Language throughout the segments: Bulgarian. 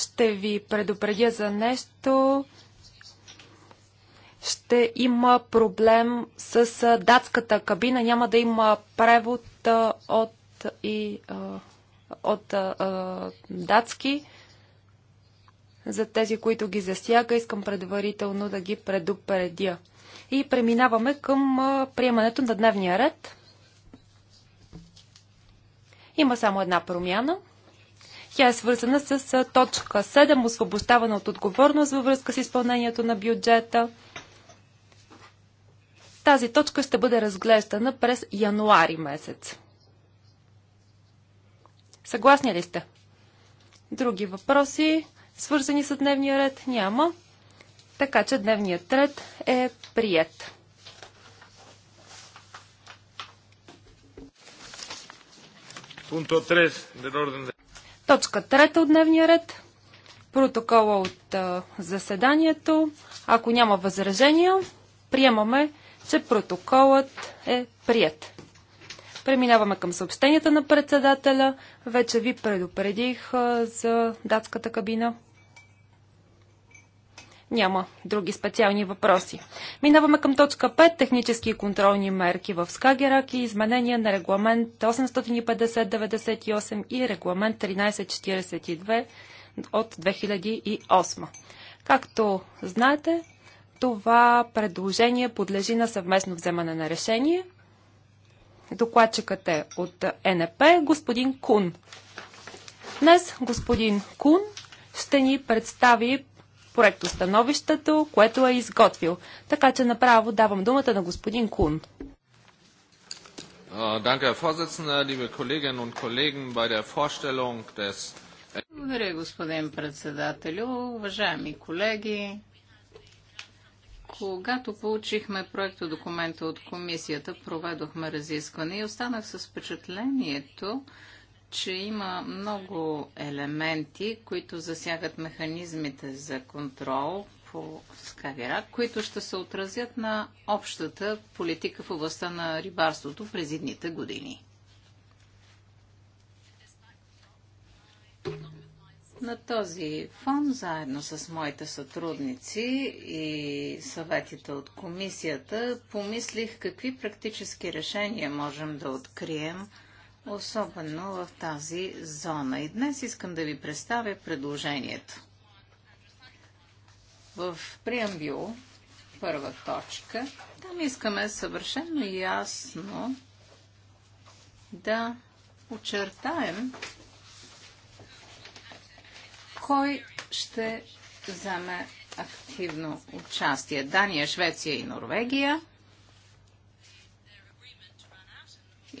Ще ви предупредя за нещо. Ще има проблем с датската кабина. Няма да има превод от, и, от датски. За тези, които ги засяга, искам предварително да ги предупредя. И преминаваме към приемането на дневния ред. Има само една промяна – тя е свързана с точка 7, освобождаване от отговорност във връзка с изпълнението на бюджета. Тази точка ще бъде разглеждана през януари месец. Съгласни ли сте? Други въпроси, свързани с дневния ред, няма. Така че дневният ред е прият. Punto 3 del orden de... Точка трета от дневния ред. Протокола от а, заседанието. Ако няма възражения, приемаме, че протоколът е прият. Преминаваме към съобщенията на председателя. Вече ви предупредих а, за датската кабина. Няма други специални въпроси. Минаваме към точка 5. Технически и контролни мерки в Скагерак и изменения на регламент 850-98 и регламент 1342 от 2008. Както знаете, това предложение подлежи на съвместно вземане на решение. Докладчикът е от НП, господин Кун. Днес господин Кун ще ни представи проектостановището, което е изготвил. Така че направо давам думата на господин Кун. Э, Благодаря, господин председателю. Уважаеми колеги, когато получихме проекта документа от комисията, проведохме разискване и останах с впечатлението, че има много елементи, които засягат механизмите за контрол по Скагерак, които ще се отразят на общата политика в областта на рибарството през едните години. На този фон, заедно с моите сътрудници и съветите от комисията, помислих какви практически решения можем да открием – особено в тази зона. И днес искам да ви представя предложението. В преамбюл, първа точка, там искаме съвършено ясно да очертаем кой ще вземе активно участие. Дания, Швеция и Норвегия.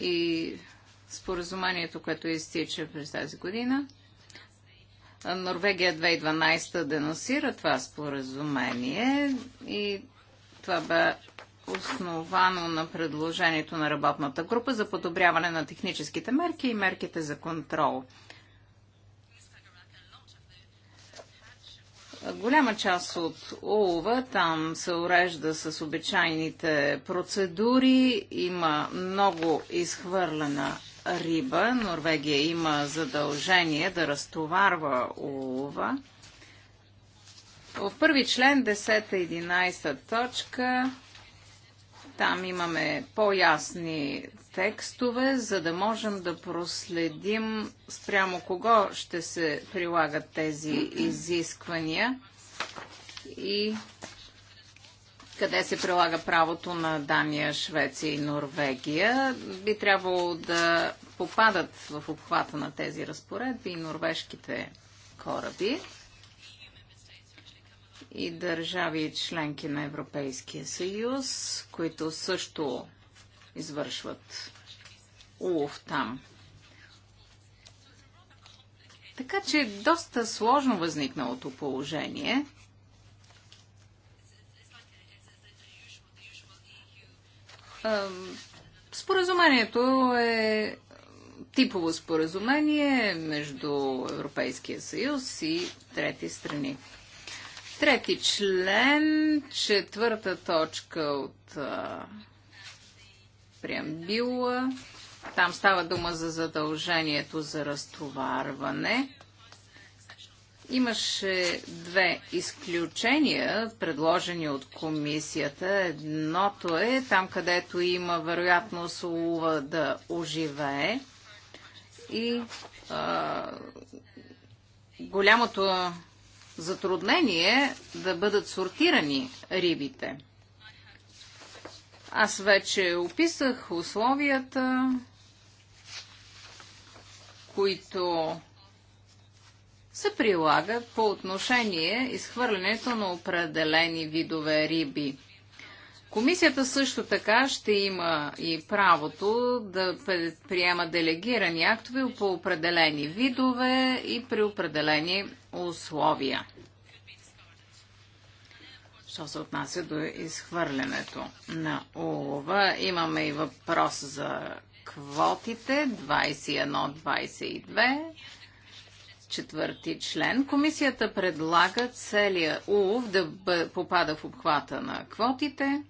И споразумението, което изтича през тази година. Норвегия 2012 денонсира това споразумение и това бе основано на предложението на работната група за подобряване на техническите мерки и мерките за контрол. Голяма част от ОУВА там се урежда с обичайните процедури, има много изхвърлена риба. Норвегия има задължение да разтоварва улова. В първи член, 10-11 точка, там имаме по-ясни текстове, за да можем да проследим спрямо кого ще се прилагат тези изисквания и къде се прилага правото на Дания, Швеция и Норвегия. Би трябвало да попадат в обхвата на тези разпоредби и норвежките кораби и държави членки на Европейския съюз, които също извършват улов там. Така че доста сложно възникналото положение – Споразумението е типово споразумение между Европейския съюз и трети страни. Трети член, четвърта точка от преамбила. Там става дума за задължението за разтоварване. Имаше две изключения, предложени от комисията. Едното е там, където има вероятност слова да оживее и а, голямото затруднение е да бъдат сортирани рибите. Аз вече описах условията, които се прилага по отношение изхвърлянето на определени видове риби. Комисията също така ще има и правото да приема делегирани актове по определени видове и при определени условия. Що се отнася до изхвърлянето на улова, имаме и въпрос за квотите 21-22 четвърти член. Комисията предлага целият улов да попада в обхвата на квотите.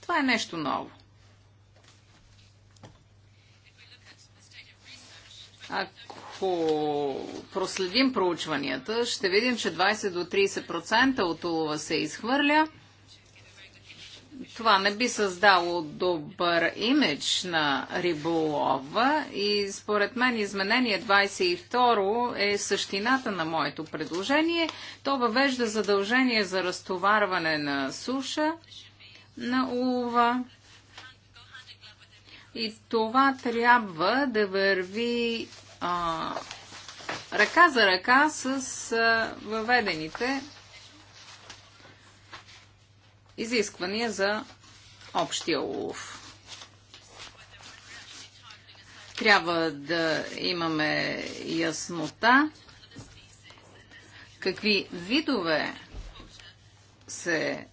Това е нещо ново. Ако проследим проучванията, ще видим, че 20 до 30% от улова се изхвърля – това не би създало добър имидж на риболова и според мен изменение 22 е същината на моето предложение. То въвежда задължение за разтоварване на суша на улова. И това трябва да върви а, ръка за ръка с а, въведените изисквания за общия улов. Трябва да имаме яснота какви видове се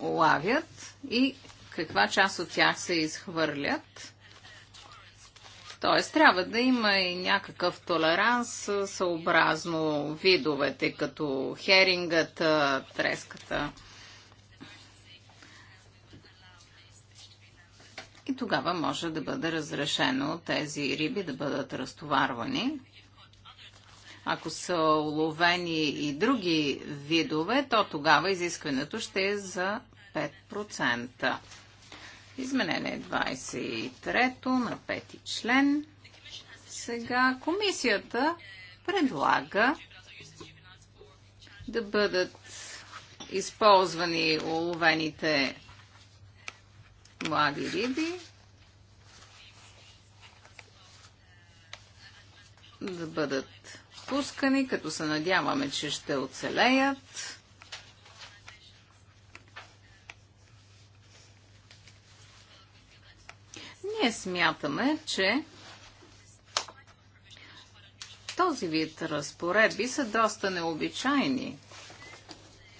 лавят и каква част от тях се изхвърлят. Тоест, трябва да има и някакъв толеранс съобразно видовете, като херингата, треската. И тогава може да бъде разрешено тези риби да бъдат разтоварвани. Ако са уловени и други видове, то тогава изискването ще е за 5%. Изменение 23-то на пети член. Сега комисията предлага да бъдат използвани уловените млади риби, да бъдат пускани, като се надяваме, че ще оцелеят. Ние смятаме, че този вид разпоредби са доста необичайни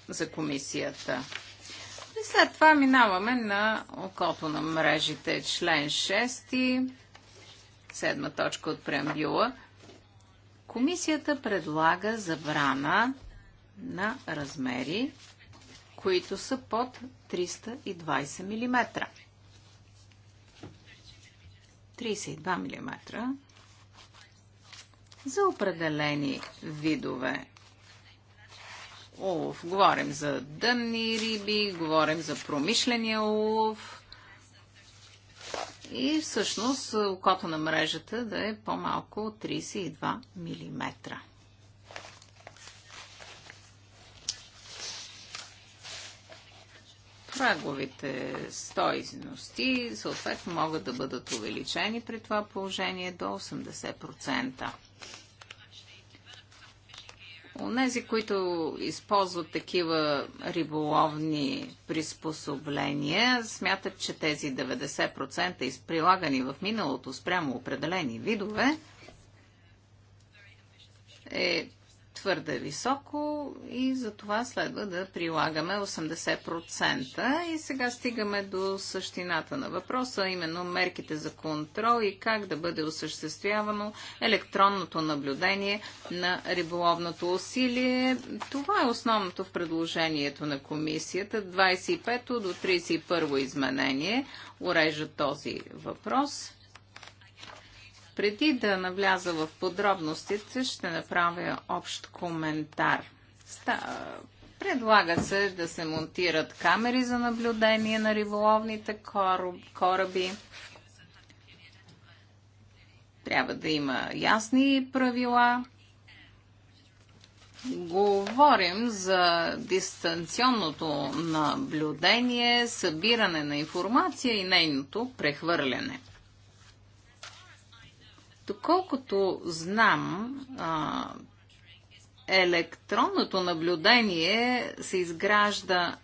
за комисията. И след това минаваме на окото на мрежите, член 6, седма точка от преамбюла. Комисията предлага забрана на размери, които са под 320 мм. 32 мм за определени видове улов. Говорим за дънни риби, говорим за промишления улов и всъщност окото на мрежата да е по-малко от 32 мм. праговите стойности съответно могат да бъдат увеличени при това положение до 80%. Онези, които използват такива риболовни приспособления, смятат, че тези 90% изприлагани в миналото спрямо определени видове е твърде високо и за това следва да прилагаме 80%. И сега стигаме до същината на въпроса, именно мерките за контрол и как да бъде осъществявано електронното наблюдение на риболовното усилие. Това е основното в предложението на комисията. 25 до 31 изменение урежда този въпрос. Преди да навляза в подробностите, ще направя общ коментар. Предлага се да се монтират камери за наблюдение на риболовните кораби. Трябва да има ясни правила. Говорим за дистанционното наблюдение, събиране на информация и нейното прехвърляне. Доколкото знам, а, електронното наблюдение се изгражда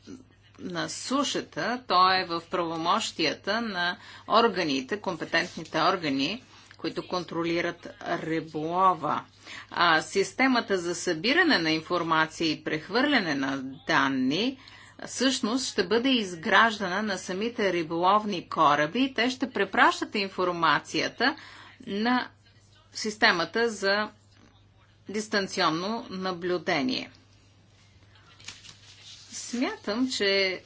на сушата, то е в правомощията на органите, компетентните органи, които контролират риболова. А, системата за събиране на информация и прехвърляне на данни всъщност ще бъде изграждана на самите риболовни кораби и те ще препращат информацията на системата за дистанционно наблюдение. Смятам, че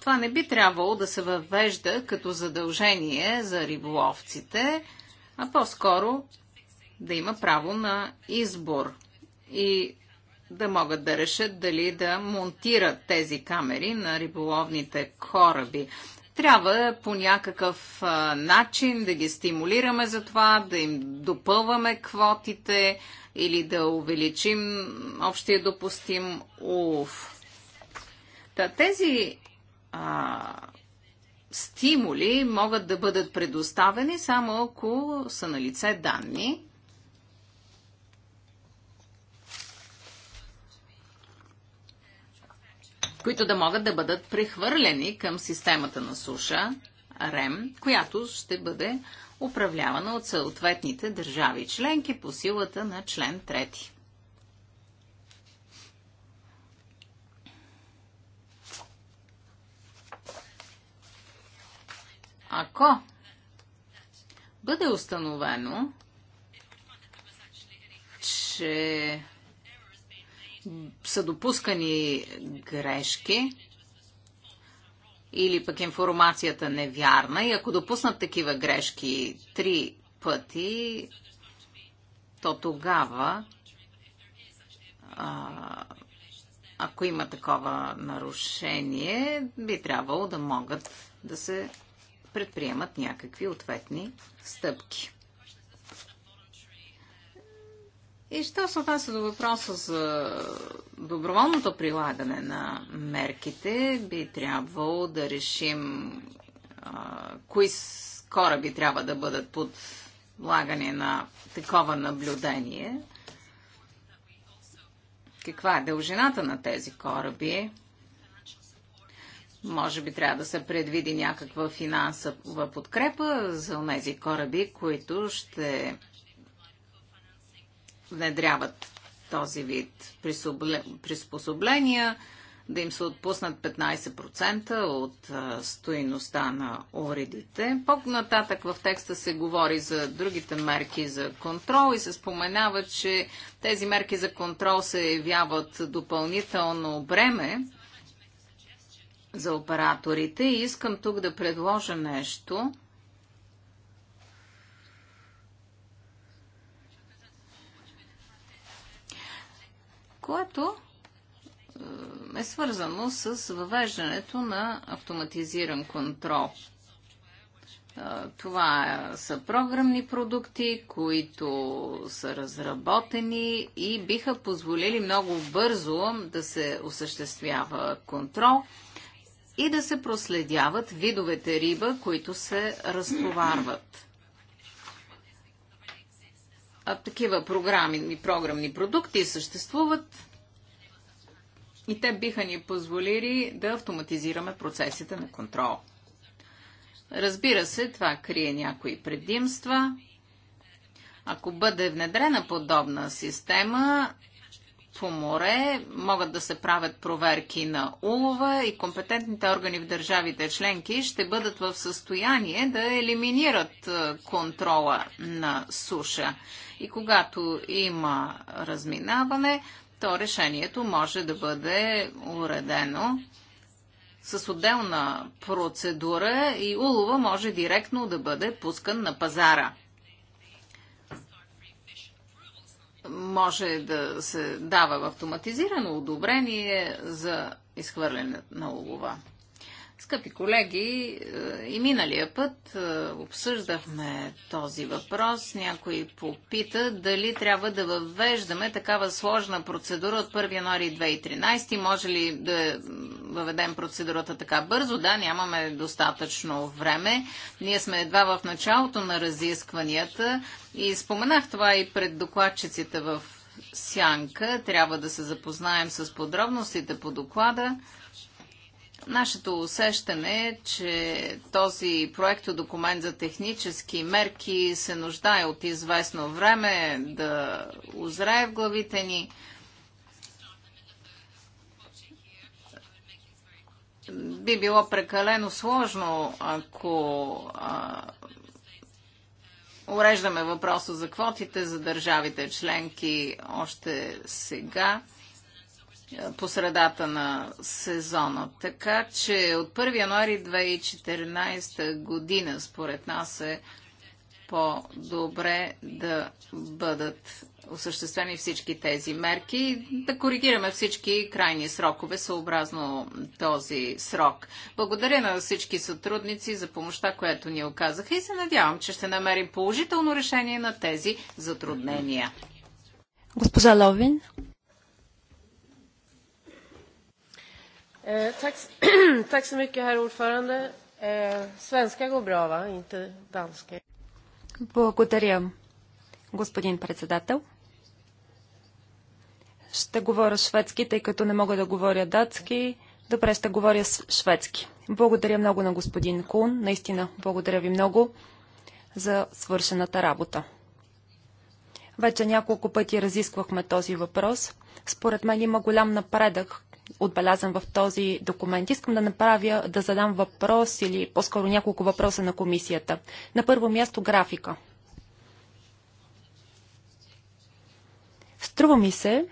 това не би трябвало да се въвежда като задължение за риболовците, а по-скоро да има право на избор и да могат да решат дали да монтират тези камери на риболовните кораби. Трябва по някакъв начин да ги стимулираме за това, да им допълваме квотите или да увеличим общия допустим улов. Та, тези а, стимули могат да бъдат предоставени само ако са на лице данни, които да могат да бъдат прехвърлени към системата на суша, РЕМ, която ще бъде управлявана от съответните държави членки по силата на член 3. Ако бъде установено, че са допускани грешки или пък информацията невярна и ако допуснат такива грешки три пъти, то тогава, ако има такова нарушение, би трябвало да могат да се предприемат някакви ответни стъпки. И що се отнася до въпроса за доброволното прилагане на мерките, би трябвало да решим а, кои кораби трябва да бъдат подлагани на такова наблюдение. Каква е дължината на тези кораби? Може би трябва да се предвиди някаква финансова подкрепа за тези кораби, които ще внедряват този вид приспособления, да им се отпуснат 15% от стоиността на уредите. По-нататък в текста се говори за другите мерки за контрол и се споменава, че тези мерки за контрол се явяват допълнително бреме за операторите и искам тук да предложа нещо – което е свързано с въвеждането на автоматизиран контрол. Това са програмни продукти, които са разработени и биха позволили много бързо да се осъществява контрол и да се проследяват видовете риба, които се разтоварват а, такива програми и програмни продукти съществуват и те биха ни позволили да автоматизираме процесите на контрол. Разбира се, това крие някои предимства. Ако бъде внедрена подобна система, по море могат да се правят проверки на улова и компетентните органи в държавите членки ще бъдат в състояние да елиминират е, контрола на суша. И когато има разминаване, то решението може да бъде уредено с отделна процедура и улова може директно да бъде пускан на пазара. може да се дава автоматизирано одобрение за изхвърляне на улова. Скъпи колеги, е, и миналия път е, обсъждахме този въпрос. Някой попита дали трябва да въвеждаме такава сложна процедура от 1 януари 2013. Може ли да въведем процедурата така бързо? Да, нямаме достатъчно време. Ние сме едва в началото на разискванията и споменах това и пред докладчиците в Сянка. Трябва да се запознаем с подробностите по доклада. Нашето усещане е, че този проект документ за технически мерки се нуждае от известно време да озрае в главите ни. Би било прекалено сложно, ако а, уреждаме въпроса за квотите за държавите членки още сега по средата на сезона. Така че от 1 януари 2014 година, според нас е по-добре да бъдат осъществени всички тези мерки, да коригираме всички крайни срокове съобразно този срок. Благодаря на всички сътрудници за помощта, която ни оказаха и се надявам, че ще намерим положително решение на тези затруднения. Госпожа Ловин. Eh, herr eh, Svenska går bra, va? Inte danska. Благодаря, господин председател. Ще говоря шведски, тъй като не мога да говоря датски. Добре, ще говоря шведски. Благодаря много на господин Кун. Наистина, благодаря ви много за свършената работа. Вече няколко пъти разисквахме този въпрос. Според мен има голям напредък, отбелязан в този документ. Искам да направя, да задам въпрос или по-скоро няколко въпроса на комисията. На първо място графика. Струва ми се,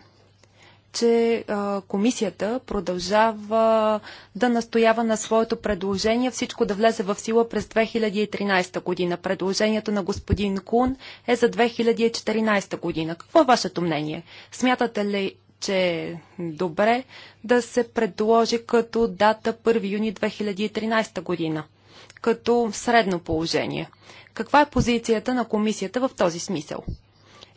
че а, комисията продължава да настоява на своето предложение всичко да влезе в сила през 2013 година. Предложението на господин Кун е за 2014 година. Какво е вашето мнение? Смятате ли, че е добре да се предложи като дата 1 юни 2013 година, като средно положение. Каква е позицията на комисията в този смисъл?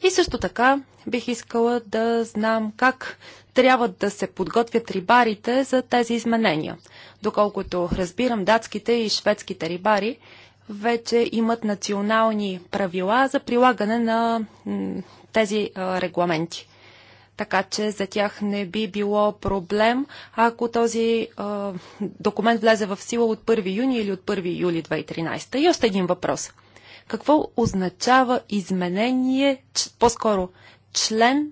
И също така бих искала да знам как трябва да се подготвят рибарите за тези изменения. Доколкото разбирам, датските и шведските рибари вече имат национални правила за прилагане на тези регламенти. Така че за тях не би било проблем, ако този а, документ влезе в сила от 1 юни или от 1 юли 2013. И още един въпрос. Какво означава изменение, по-скоро член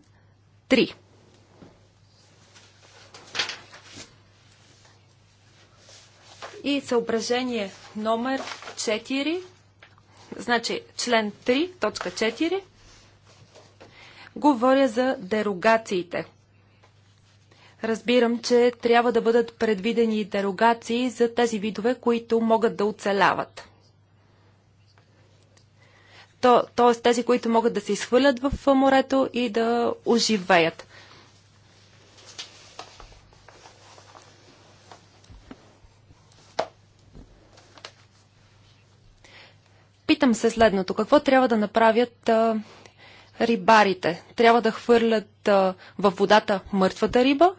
3? И съображение номер 4, значи член 3, точка 4 Говоря за дерогациите. Разбирам, че трябва да бъдат предвидени дерогации за тези видове, които могат да оцеляват. То, тоест тези, които могат да се изхвърлят в морето и да оживеят. Питам се следното. Какво трябва да направят а, рибарите. Трябва да хвърлят а, във водата мъртвата риба,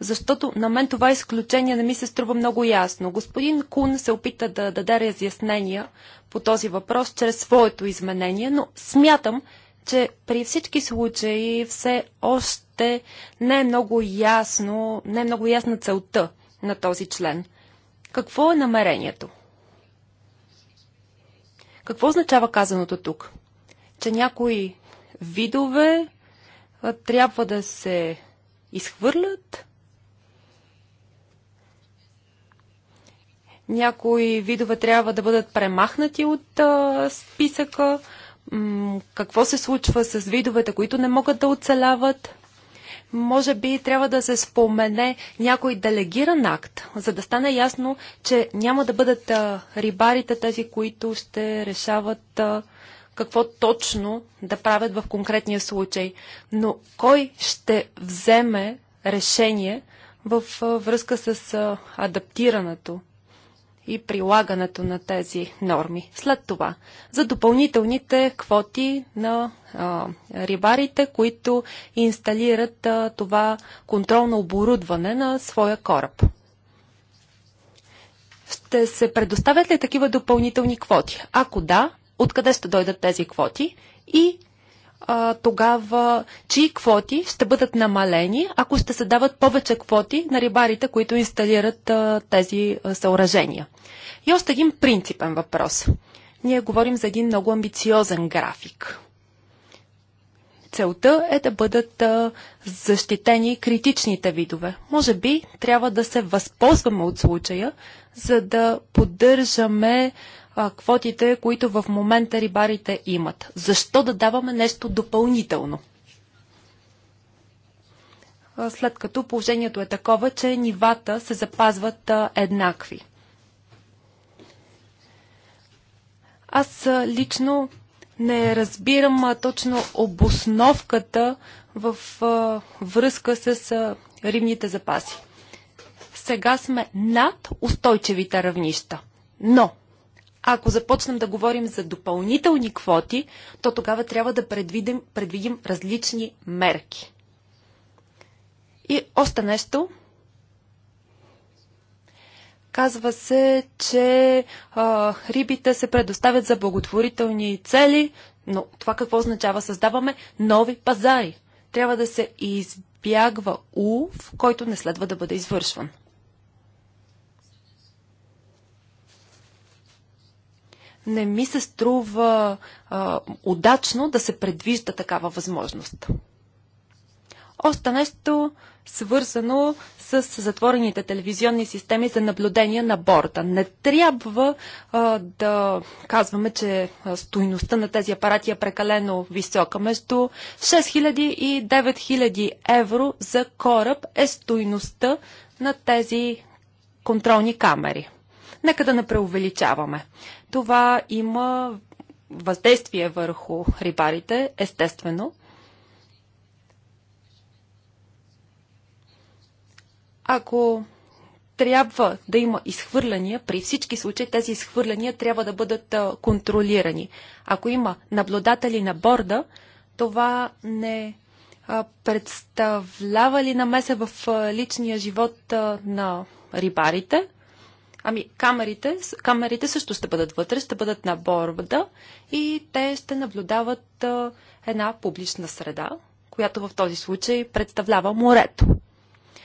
защото на мен това изключение не ми се струва много ясно. Господин Кун се опита да даде разяснения по този въпрос чрез своето изменение, но смятам, че при всички случаи все още не е много ясно, не е много ясна целта на този член. Какво е намерението? Какво означава казаното тук? Че някой видове трябва да се изхвърлят. Някои видове трябва да бъдат премахнати от а, списъка. М какво се случва с видовете, които не могат да оцеляват? Може би трябва да се спомене някой делегиран акт, за да стане ясно, че няма да бъдат а, рибарите тези, които ще решават а, какво точно да правят в конкретния случай. Но кой ще вземе решение в връзка с адаптирането и прилагането на тези норми. След това, за допълнителните квоти на рибарите, които инсталират това контролно оборудване на своя кораб. Ще се предоставят ли такива допълнителни квоти? Ако да, откъде ще дойдат тези квоти и а, тогава чии квоти ще бъдат намалени, ако ще се дават повече квоти на рибарите, които инсталират а, тези а, съоръжения. И още един принципен въпрос. Ние говорим за един много амбициозен график. Целта е да бъдат а, защитени критичните видове. Може би трябва да се възползваме от случая, за да поддържаме а, квотите, които в момента рибарите имат. Защо да даваме нещо допълнително? А, след като положението е такова, че нивата се запазват а, еднакви. Аз лично не разбирам точно обосновката в връзка с рибните запаси сега сме над устойчивите равнища. Но а ако започнем да говорим за допълнителни квоти, то тогава трябва да предвидим, предвидим различни мерки. И още нещо. Казва се, че а, рибите се предоставят за благотворителни цели, но това какво означава? Създаваме нови пазари. Трябва да се избягва в който не следва да бъде извършван. не ми се струва а, удачно да се предвижда такава възможност. Още нещо свързано с затворените телевизионни системи за наблюдение на борда. Не трябва а, да казваме, че стоиността на тези апарати е прекалено висока. Между 6000 и 9000 евро за кораб е стоиността на тези контролни камери. Нека да не преувеличаваме. Това има въздействие върху рибарите, естествено. Ако трябва да има изхвърляния, при всички случаи тези изхвърляния трябва да бъдат контролирани. Ако има наблюдатели на борда, това не представлява ли намеса в личния живот на рибарите – Ами камерите, камерите също ще бъдат вътре, ще бъдат на борбата и те ще наблюдават а, една публична среда, която в този случай представлява морето.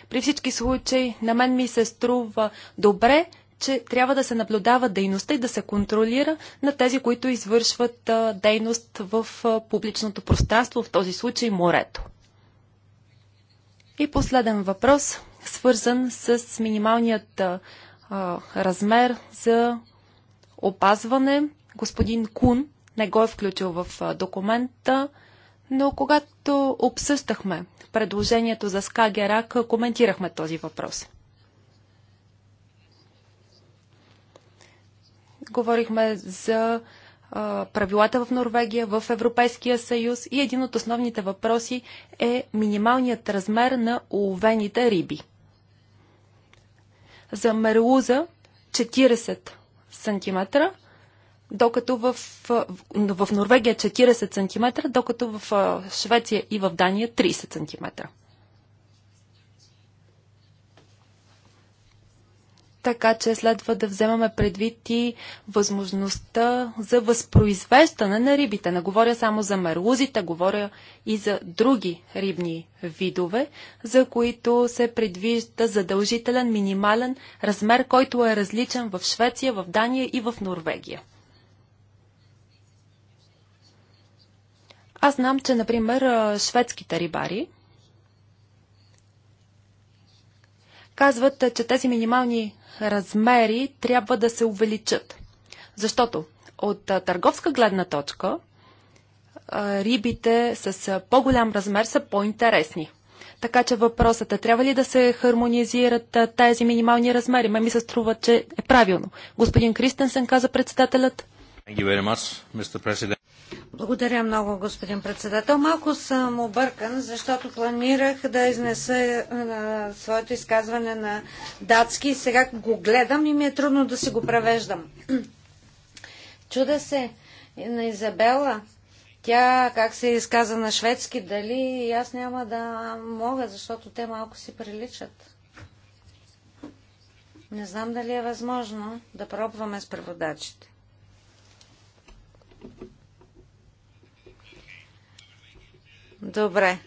При всички случаи на мен ми се струва добре, че трябва да се наблюдава дейността и да се контролира на тези, които извършват а, дейност в а, публичното пространство, в този случай морето. И последен въпрос, свързан с минималният а, размер за опазване. Господин Кун не го е включил в документа, но когато обсъщахме предложението за Скагерак, коментирахме този въпрос. Говорихме за правилата в Норвегия, в Европейския съюз и един от основните въпроси е минималният размер на уловените риби – за мерлуза 40 см, докато в, в, в Норвегия 40 см, докато в Швеция и в Дания 30 см. така че следва да вземаме предвид и възможността за възпроизвеждане на рибите. Не говоря само за мерлузите, говоря и за други рибни видове, за които се предвижда задължителен минимален размер, който е различен в Швеция, в Дания и в Норвегия. Аз знам, че, например, шведските рибари – казват, че тези минимални размери трябва да се увеличат. Защото от търговска гледна точка рибите с по-голям размер са по-интересни. Така че въпросът е, трябва ли да се хармонизират тези минимални размери? Ме ми се струва, че е правилно. Господин Кристенсен каза председателят. Благодаря много, господин председател. Малко съм объркан, защото планирах да изнеса своето изказване на датски. Сега го гледам и ми е трудно да си го превеждам. Чуда се на Изабела. Тя как се изказа на шведски, дали и аз няма да мога, защото те малко си приличат. Не знам дали е възможно да пробваме с преводачите. Добре.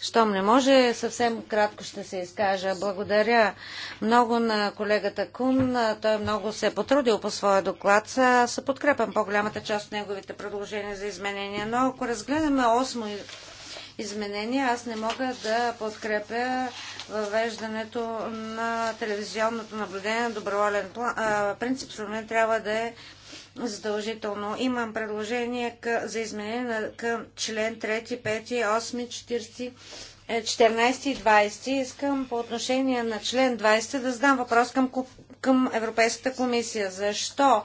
Щом не може, съвсем кратко ще се изкажа. Благодаря много на колегата Кун. Той много се е потрудил по своя доклад. Се подкрепям по-голямата част от неговите предложения за изменения. Но ако разгледаме осмо изменение, аз не мога да подкрепя въвеждането на телевизионното наблюдение на доброволен принцип. Според трябва да е задължително. Имам предложение за изменение към член 3, 5, 8, 40 14 и 20. Искам по отношение на член 20 да задам въпрос към, към Европейската комисия. Защо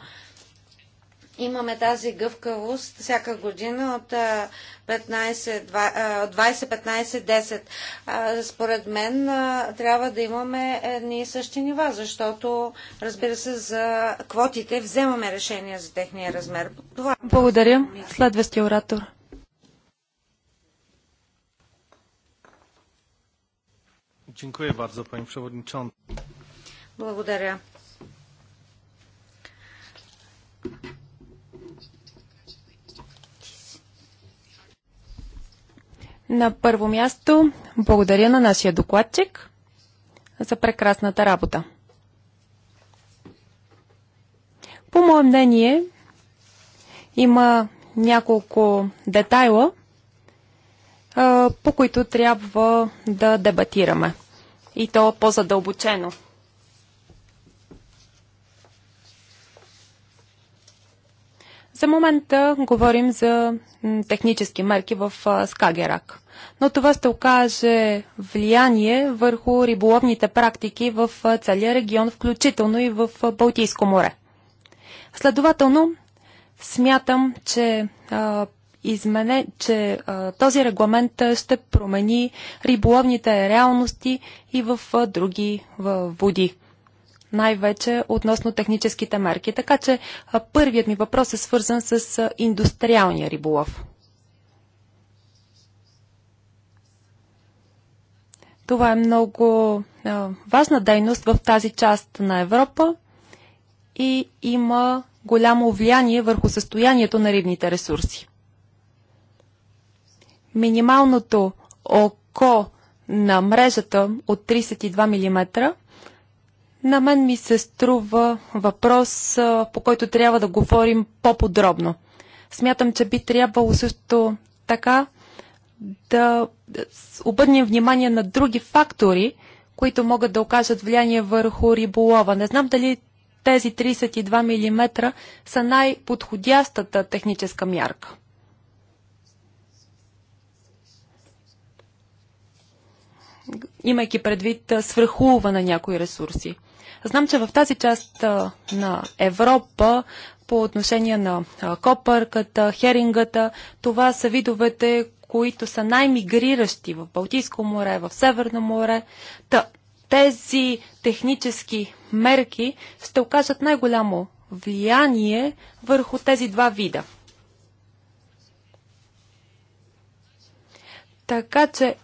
имаме тази гъвкавост всяка година от 20-15-10. Според мен трябва да имаме едни и същи нива, защото, разбира се, за квотите вземаме решение за техния размер. Това... Е Благодаря. Следващия оратор. Dziękuję bardzo, Pani Przewodnicząca. Благодаря. На първо място, благодаря на нашия докладчик за прекрасната работа. По мое мнение, има няколко детайла, по които трябва да дебатираме. И то по-задълбочено. За момента говорим за технически мерки в Скагерак. Но това ще окаже влияние върху риболовните практики в целия регион, включително и в Балтийско море. Следователно, смятам, че, а, измене, че а, този регламент ще промени риболовните реалности и в а, други в, води най-вече относно техническите мерки. Така че първият ми въпрос е свързан с индустриалния риболов. Това е много важна дейност в тази част на Европа и има голямо влияние върху състоянието на рибните ресурси. Минималното око на мрежата от 32 мм на мен ми се струва въпрос, по който трябва да говорим по-подробно. Смятам, че би трябвало също така да обърнем внимание на други фактори, които могат да окажат влияние върху риболова. Не знам дали тези 32 мм са най-подходящата техническа мярка. имайки предвид свръхулова на някои ресурси. Знам, че в тази част на Европа по отношение на копърката, херингата, това са видовете, които са най-мигриращи в Балтийско море, в Северно море. Та, тези технически мерки ще окажат най-голямо влияние върху тези два вида. Така че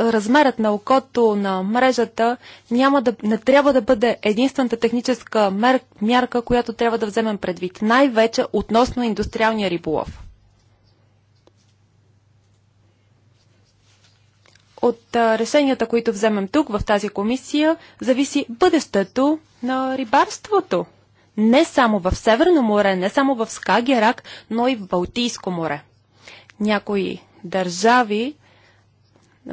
размерът на окото на мрежата няма да, не трябва да бъде единствената техническа мер, мярка, която трябва да вземем предвид. Най-вече относно индустриалния риболов. От а, решенията, които вземем тук, в тази комисия, зависи бъдещето на рибарството. Не само в Северно море, не само в Скагерак, но и в Балтийско море. Някои държави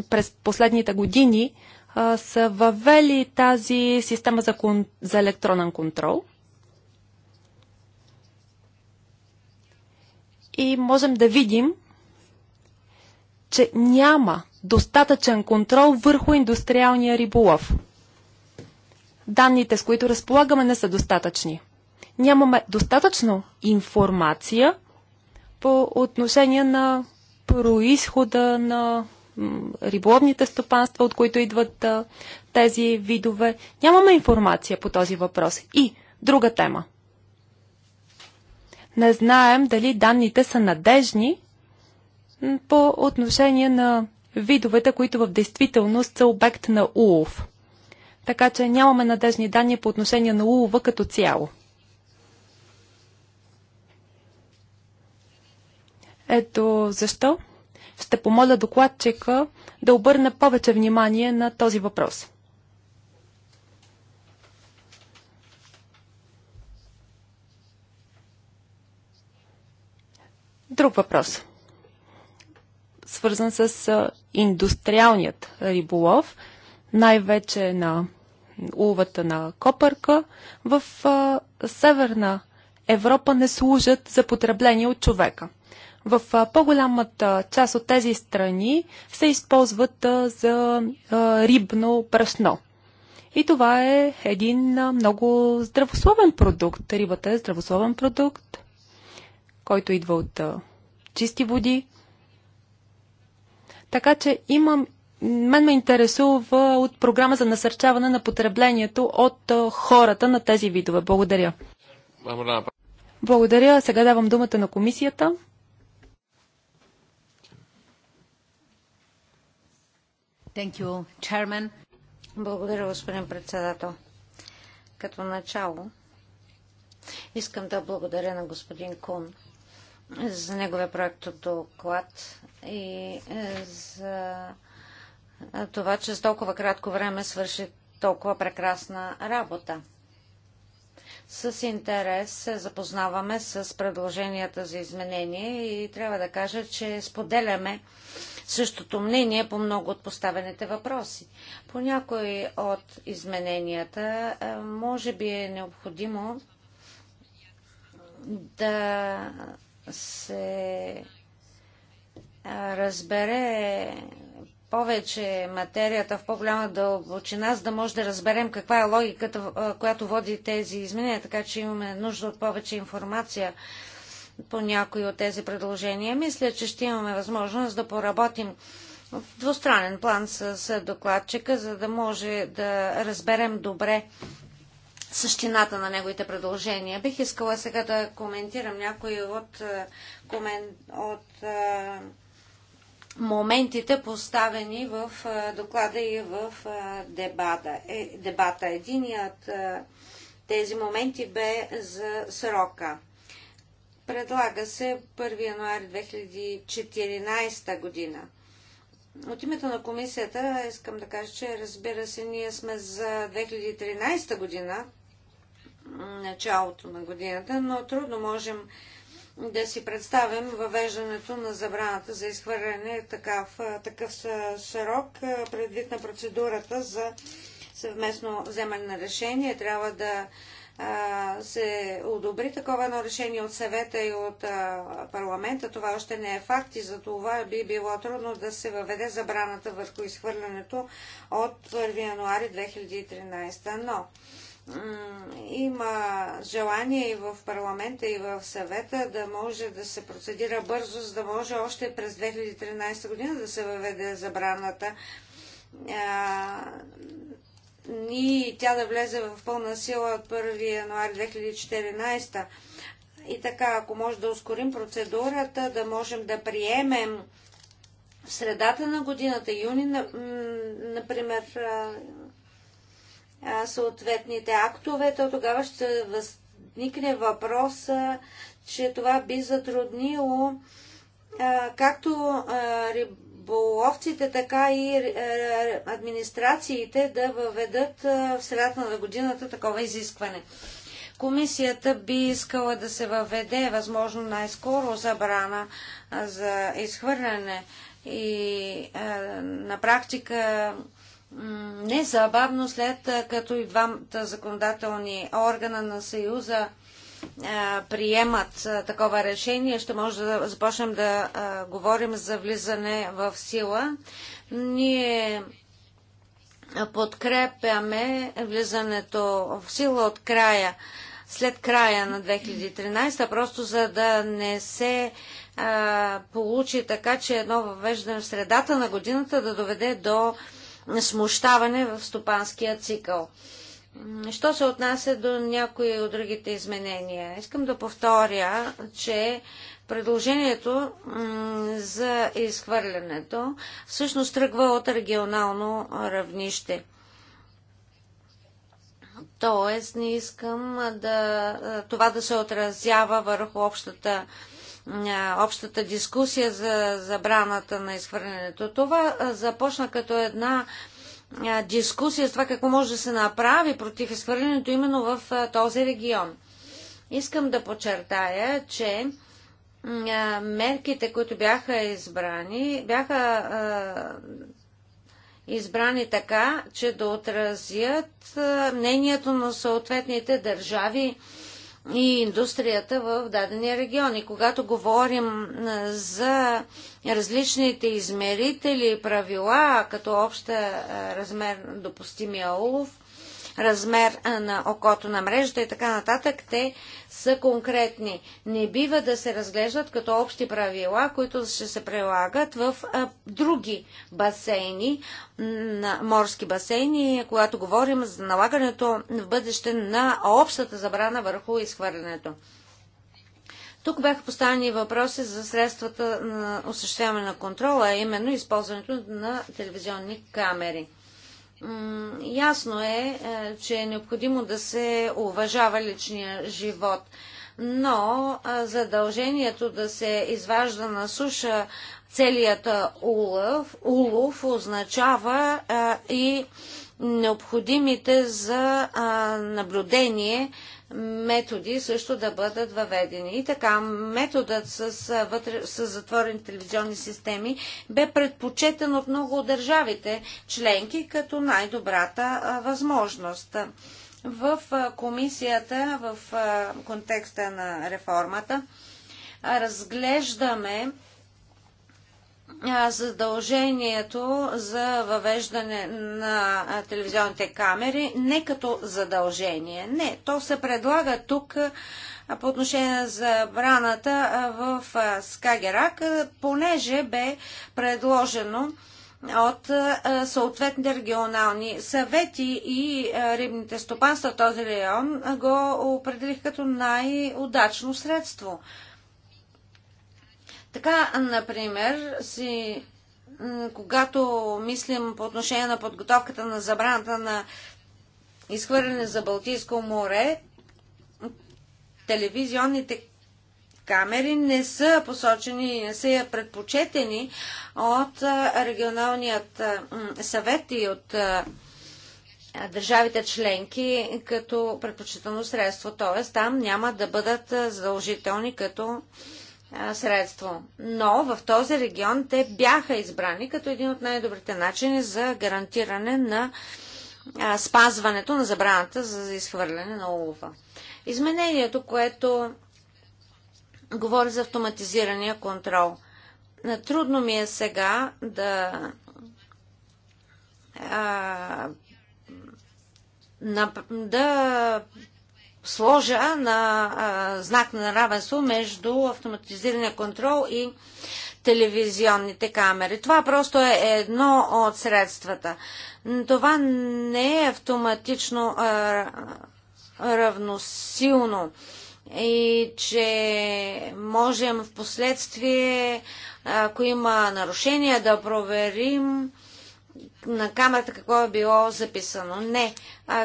през последните години а, са въвели тази система за, кон... за електронен контрол. И можем да видим, че няма достатъчен контрол върху индустриалния риболов. Данните, с които разполагаме, не са достатъчни. Нямаме достатъчно информация по отношение на происхода на риболовните стопанства, от които идват а, тези видове. Нямаме информация по този въпрос. И друга тема. Не знаем дали данните са надежни по отношение на видовете, които в действителност са обект на улов. Така че нямаме надежни данни по отношение на улова като цяло. Ето защо ще помоля докладчика да обърне повече внимание на този въпрос. Друг въпрос, свързан с индустриалният риболов, най-вече на уловата на копърка, в Северна Европа не служат за потребление от човека. В по-голямата част от тези страни се използват за рибно брашно. И това е един много здравословен продукт. Рибата е здравословен продукт, който идва от чисти води. Така че имам мен ме интересува от програма за насърчаване на потреблението от хората на тези видове. Благодаря. Благодаря. Сега давам думата на комисията. Благодаря, господин председател. Като начало, искам да благодаря на господин Кун за неговия проект от доклад и е, за е, това, че с толкова кратко време свърши толкова прекрасна работа. С интерес се запознаваме с предложенията за изменение и трябва да кажа, че споделяме същото мнение по много от поставените въпроси. По някои от измененията е, може би е необходимо да се разбере повече материята в по-голяма дълбочина, за да може да разберем каква е логиката, която води тези изменения, така че имаме нужда от повече информация по някои от тези предложения. Мисля, че ще имаме възможност да поработим в двустранен план с докладчика, за да може да разберем добре същината на неговите предложения. Бих искала сега да коментирам някои от, от моментите поставени в доклада и в дебата. Е, дебата. Единият тези моменти бе за срока. Предлага се 1 януари 2014 година. От името на комисията искам да кажа, че разбира се, ние сме за 2013 година, началото на годината, но трудно можем да си представим въвеждането на забраната за изхвърляне такъв, такъв срок, предвид на процедурата за съвместно вземане на решение. Трябва да се одобри такова едно решение от съвета и от парламента. Това още не е факт и за това би било трудно да се въведе забраната върху изхвърлянето от 1 януари 2013. Но има желание и в парламента, и в съвета да може да се процедира бързо, за да може още през 2013 година да се въведе забраната и тя да влезе в пълна сила от 1 януари 2014. И така, ако може да ускорим процедурата, да можем да приемем в средата на годината, юни, например, съответните актове, то тогава ще възникне въпроса, че това би затруднило както риболовците, така и администрациите да въведат в средата на годината такова изискване. Комисията би искала да се въведе възможно най-скоро забрана за изхвърляне и на практика незабавно след като и двамата законодателни органа на Съюза приемат такова решение, ще може да започнем да говорим за влизане в сила. Ние подкрепяме влизането в сила от края, след края на 2013, просто за да не се а, получи така, че едно въвеждане в средата на годината да доведе до а, смущаване в стопанския цикъл. Що се отнася до някои от другите изменения? Искам да повторя, че предложението за изхвърлянето всъщност тръгва от регионално равнище. Тоест, не искам да, това да се отразява върху общата общата дискусия за забраната на изхвърлянето. Това започна като една дискусия с това какво може да се направи против изхвърлянето именно в този регион. Искам да подчертая, че мерките, които бяха избрани, бяха избрани така, че да отразят мнението на съответните държави и индустрията в дадения регион. И когато говорим за различните измерители правила, като обща размер допустимия улов, размер на окото на мрежата и така нататък, те са конкретни. Не бива да се разглеждат като общи правила, които ще се прилагат в други басейни, морски басейни, когато говорим за налагането в бъдеще на общата забрана върху изхвърлянето. Тук бяха поставени въпроси за средствата на осъществяване на контрола, а именно използването на телевизионни камери. Ясно е, е, че е необходимо да се уважава личния живот, но задължението да се изважда на суша целият улов, улов означава и необходимите за наблюдение методи също да бъдат въведени. И така, методът с, вътре, с затворени телевизионни системи бе предпочетен от много от държавите членки като най-добрата възможност. В комисията, в контекста на реформата, разглеждаме задължението за въвеждане на телевизионните камери не като задължение. Не, то се предлага тук по отношение на забраната в Скагерак, понеже бе предложено от съответните регионални съвети и рибните стопанства този район го определих като най-удачно средство. Така, например, си, когато мислим по отношение на подготовката на забраната на изхвърляне за Балтийско море, телевизионните камери не са посочени, не са предпочетени от регионалният съвет и от държавите членки като предпочитано средство. Т.е. там няма да бъдат задължителни като средство. Но в този регион те бяха избрани като един от най-добрите начини за гарантиране на спазването на забраната за изхвърляне на улова. Изменението, което говори за автоматизирания контрол. Трудно ми е сега да а, да сложа на а, знак на равенство между автоматизирания контрол и телевизионните камери. Това просто е едно от средствата. Това не е автоматично а, равносилно и че можем в последствие, ако има нарушения, да проверим на камерата какво е било записано. Не,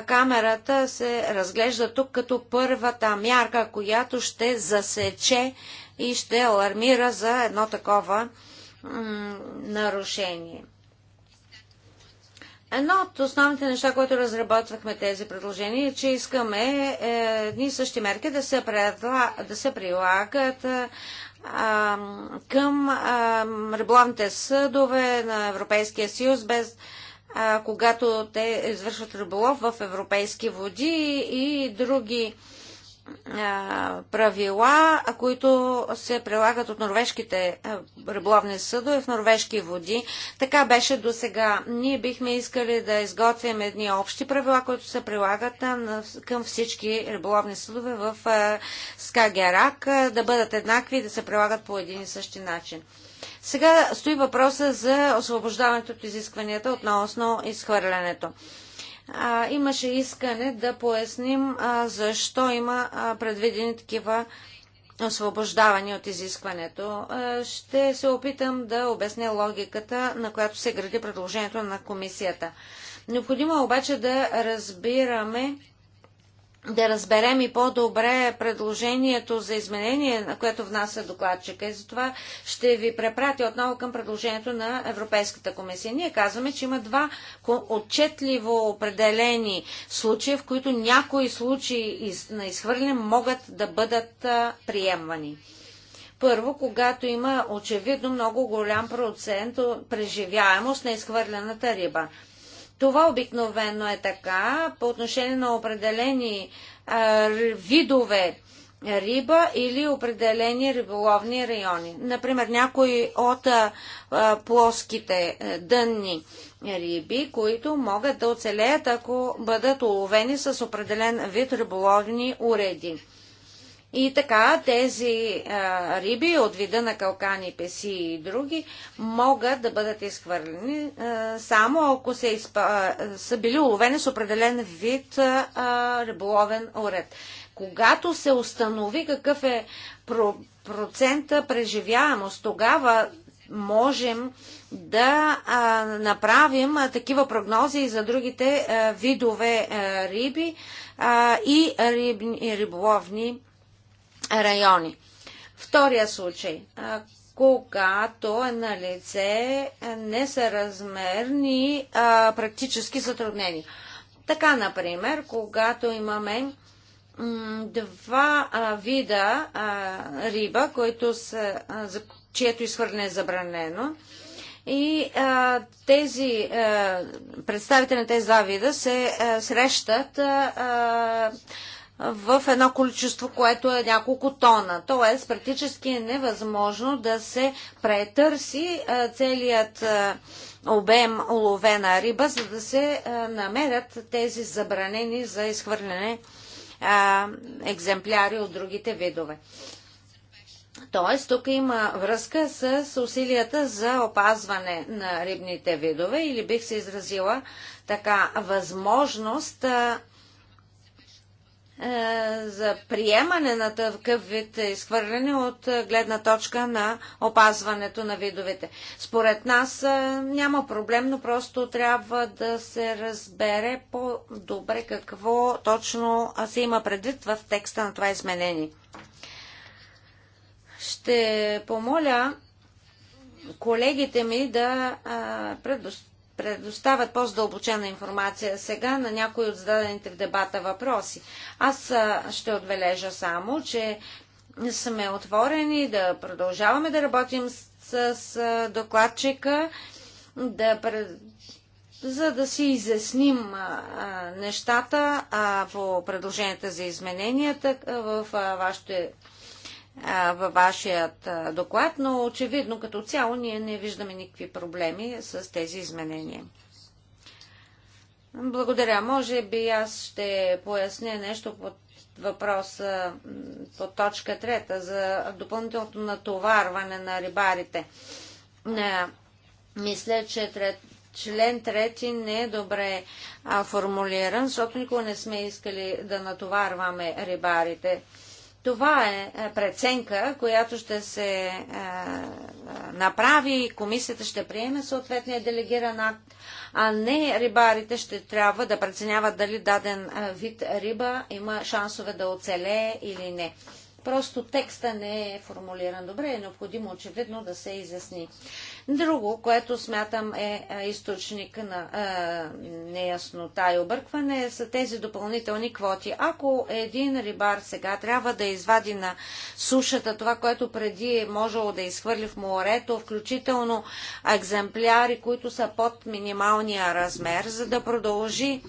камерата се разглежда тук като първата мярка, която ще засече и ще алармира за едно такова нарушение. Едно от основните неща, които разработвахме тези предложения, е, че искаме е, едни и същи мерки да се, предла... да се прилагат е, а, към а, риболовните съдове на Европейския съюз, без, а, когато те извършват риболов в европейски води и други а, правила, които се прилагат от норвежките риболовни съдове в норвежки води. Така беше до сега. Ние бихме искали да изготвим едни общи правила, които се прилагат към всички риболовни съдове в Скагерак, да бъдат еднакви и да се прилагат по един и същи начин. Сега стои въпроса за освобождаването от изискванията относно изхвърлянето а, имаше искане да поясним а, защо има а, предвидени такива освобождавани от изискването. Ще се опитам да обясня логиката, на която се гради предложението на комисията. Необходимо е обаче да разбираме да разберем и по-добре предложението за изменение, на което внася докладчика. И затова ще ви препратя отново към предложението на Европейската комисия. Ние казваме, че има два отчетливо определени случая, в които някои случаи на изхвърляне могат да бъдат приемани. Първо, когато има очевидно много голям процент преживяемост на изхвърлената риба. Това обикновено е така по отношение на определени видове риба или определени риболовни райони. Например, някои от плоските дънни риби, които могат да оцелеят, ако бъдат уловени с определен вид риболовни уреди. И така тези а, риби от вида на калкани, песи и други могат да бъдат изхвърлени а, само ако се изпа, а, са били уловени с определен вид а, риболовен уред. Когато се установи какъв е про... процента преживяемост, тогава можем да а, направим а, такива прогнози и за другите а, видове а, риби а, и риб, и риболовни райони. Втория случай когато е на лице несъразмерни а, практически затруднения. Така, например, когато имаме два а, вида а, риба, които са, а, за, чието изхвърляне е забранено. И а, тези а, представители на тези два вида се а, срещат а, а, в едно количество, което е няколко тона. Тоест, практически е невъзможно да се претърси целият обем уловена риба, за да се намерят тези забранени за изхвърляне екземпляри от другите видове. Тоест, тук има връзка с усилията за опазване на рибните видове или бих се изразила така възможност е, за приемане на такъв вид изхвърляне от гледна точка на опазването на видовете. Според нас е, няма проблем, но просто трябва да се разбере по-добре какво точно се има предвид в текста на това изменение. Ще помоля колегите ми да е, предоставят предоставят по здълбочена информация сега на някои от зададените в дебата въпроси. Аз ще отбележа само, че сме отворени да продължаваме да работим с, с докладчика, да за да си изясним а, нещата а, по предложенията за измененията в а, вашите във вашият доклад, но очевидно като цяло ние не виждаме никакви проблеми с тези изменения. Благодаря. Може би аз ще поясня нещо под въпроса по точка трета за допълнителното натоварване на рибарите. Мисля, че трет, член трети не е добре а, формулиран, защото никога не сме искали да натоварваме рибарите. Това е, е преценка, която ще се е, е направи и комисията ще приеме съответния делегиран акт, а не рибарите ще трябва да преценяват дали даден е, вид риба има шансове да оцелее или не. Просто текста не е формулиран добре, е необходимо очевидно да се изясни. Друго, което смятам е, е източник на е, неяснота и объркване, са е тези допълнителни квоти. Ако един рибар сега трябва да извади на сушата това, което преди е можело да изхвърли в морето, включително екземпляри, които са под минималния размер, за да продължи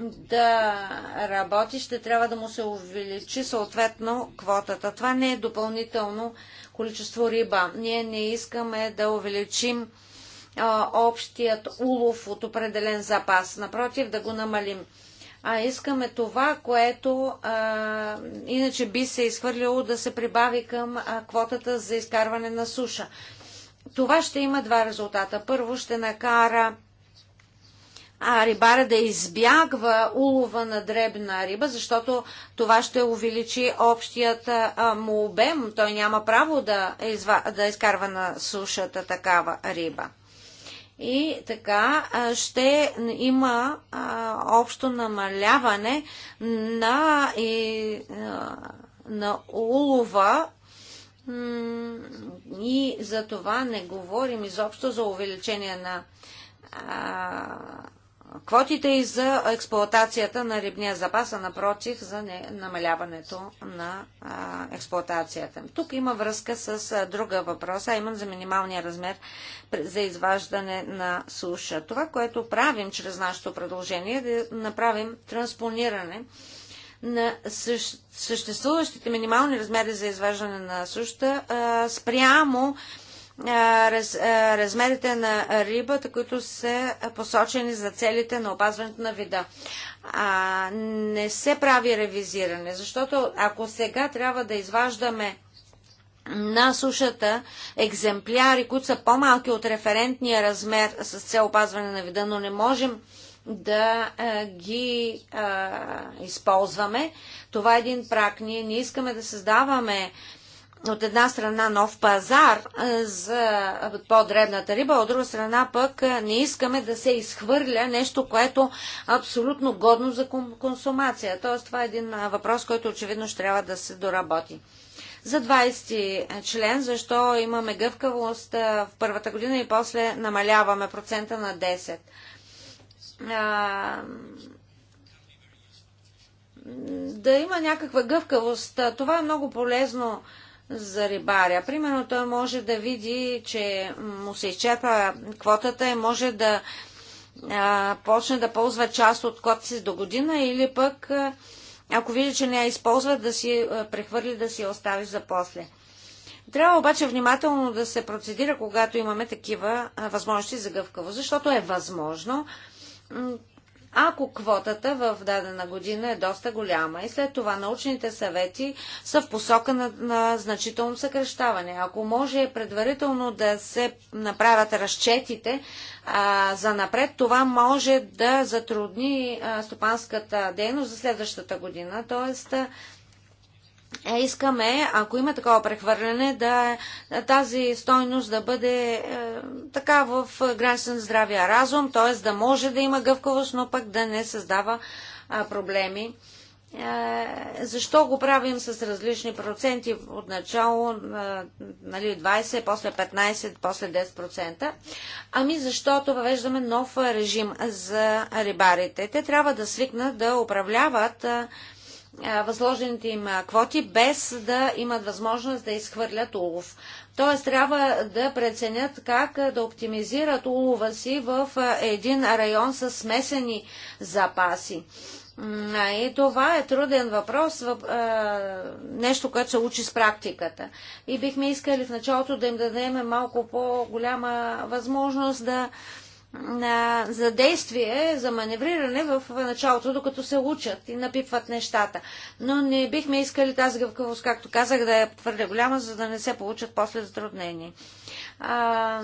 да работи, ще трябва да му се увеличи съответно квотата. Това не е допълнително количество риба. Ние не искаме да увеличим а, общият улов от определен запас. Напротив, да го намалим. А искаме това, което а, иначе би се изхвърлило да се прибави към а, квотата за изкарване на суша. Това ще има два резултата. Първо ще накара а, рибара да избягва улова на дребна риба, защото това ще увеличи общият му обем. Той няма право да, изва, да изкарва на сушата такава риба. И така ще има а, общо намаляване на, и, а, на улова и за това не говорим изобщо за увеличение на а, квотите и за експлоатацията на рибния запас, а напротив за не, намаляването на а, експлоатацията. Тук има връзка с а, друга въпрос, а именно за минималния размер за изваждане на суша. Това, което правим чрез нашето предложение е да направим транспониране на съществуващите минимални размери за изваждане на суша спрямо а, раз, размерите на рибата, които са посочени за целите на опазването на вида. А, не се прави ревизиране, защото ако сега трябва да изваждаме на сушата екземпляри, които са по-малки от референтния размер с цел опазване на вида, но не можем да а, ги а, използваме. Това е един прак. Ние не искаме да създаваме от една страна нов пазар за по-дребната риба, от друга страна пък не искаме да се изхвърля нещо, което е абсолютно годно за консумация. Тоест това е един въпрос, който очевидно ще трябва да се доработи. За 20 член, защо имаме гъвкавост в първата година и после намаляваме процента на 10. да има някаква гъвкавост. Това е много полезно за рибаря. Примерно той може да види, че му се изчерпа квотата и може да а, почне да ползва част от квотата си до година или пък ако види, че не я използва, да си прехвърли, да си я остави за после. Трябва обаче внимателно да се процедира, когато имаме такива възможности за гъвкаво, защото е възможно ако квотата в дадена година е доста голяма. И след това научните съвети са в посока на, на значително съкрещаване. Ако може предварително да се направят разчетите а, за напред, това може да затрудни а, стопанската дейност за следващата година. Тоест, е, искаме, ако има такова прехвърляне, да тази стойност да бъде е, така в границата на здравия разум, т.е. да може да има гъвкавост, но пък да не създава е, проблеми. Е, защо го правим с различни проценти от начало, е, нали, 20, после 15, после 10%? Ами защото въвеждаме нов режим за рибарите. Те трябва да свикнат да управляват е, възложените им квоти, без да имат възможност да изхвърлят улов. Тоест трябва да преценят как да оптимизират улова си в един район с смесени запаси. И това е труден въпрос, нещо, което се учи с практиката. И бихме искали в началото да им дадем малко по-голяма възможност да на, за действие, за маневриране в началото, докато се учат и напипват нещата. Но не бихме искали тази гъвкавост, както казах, да е твърде голяма, за да не се получат после затруднения. А,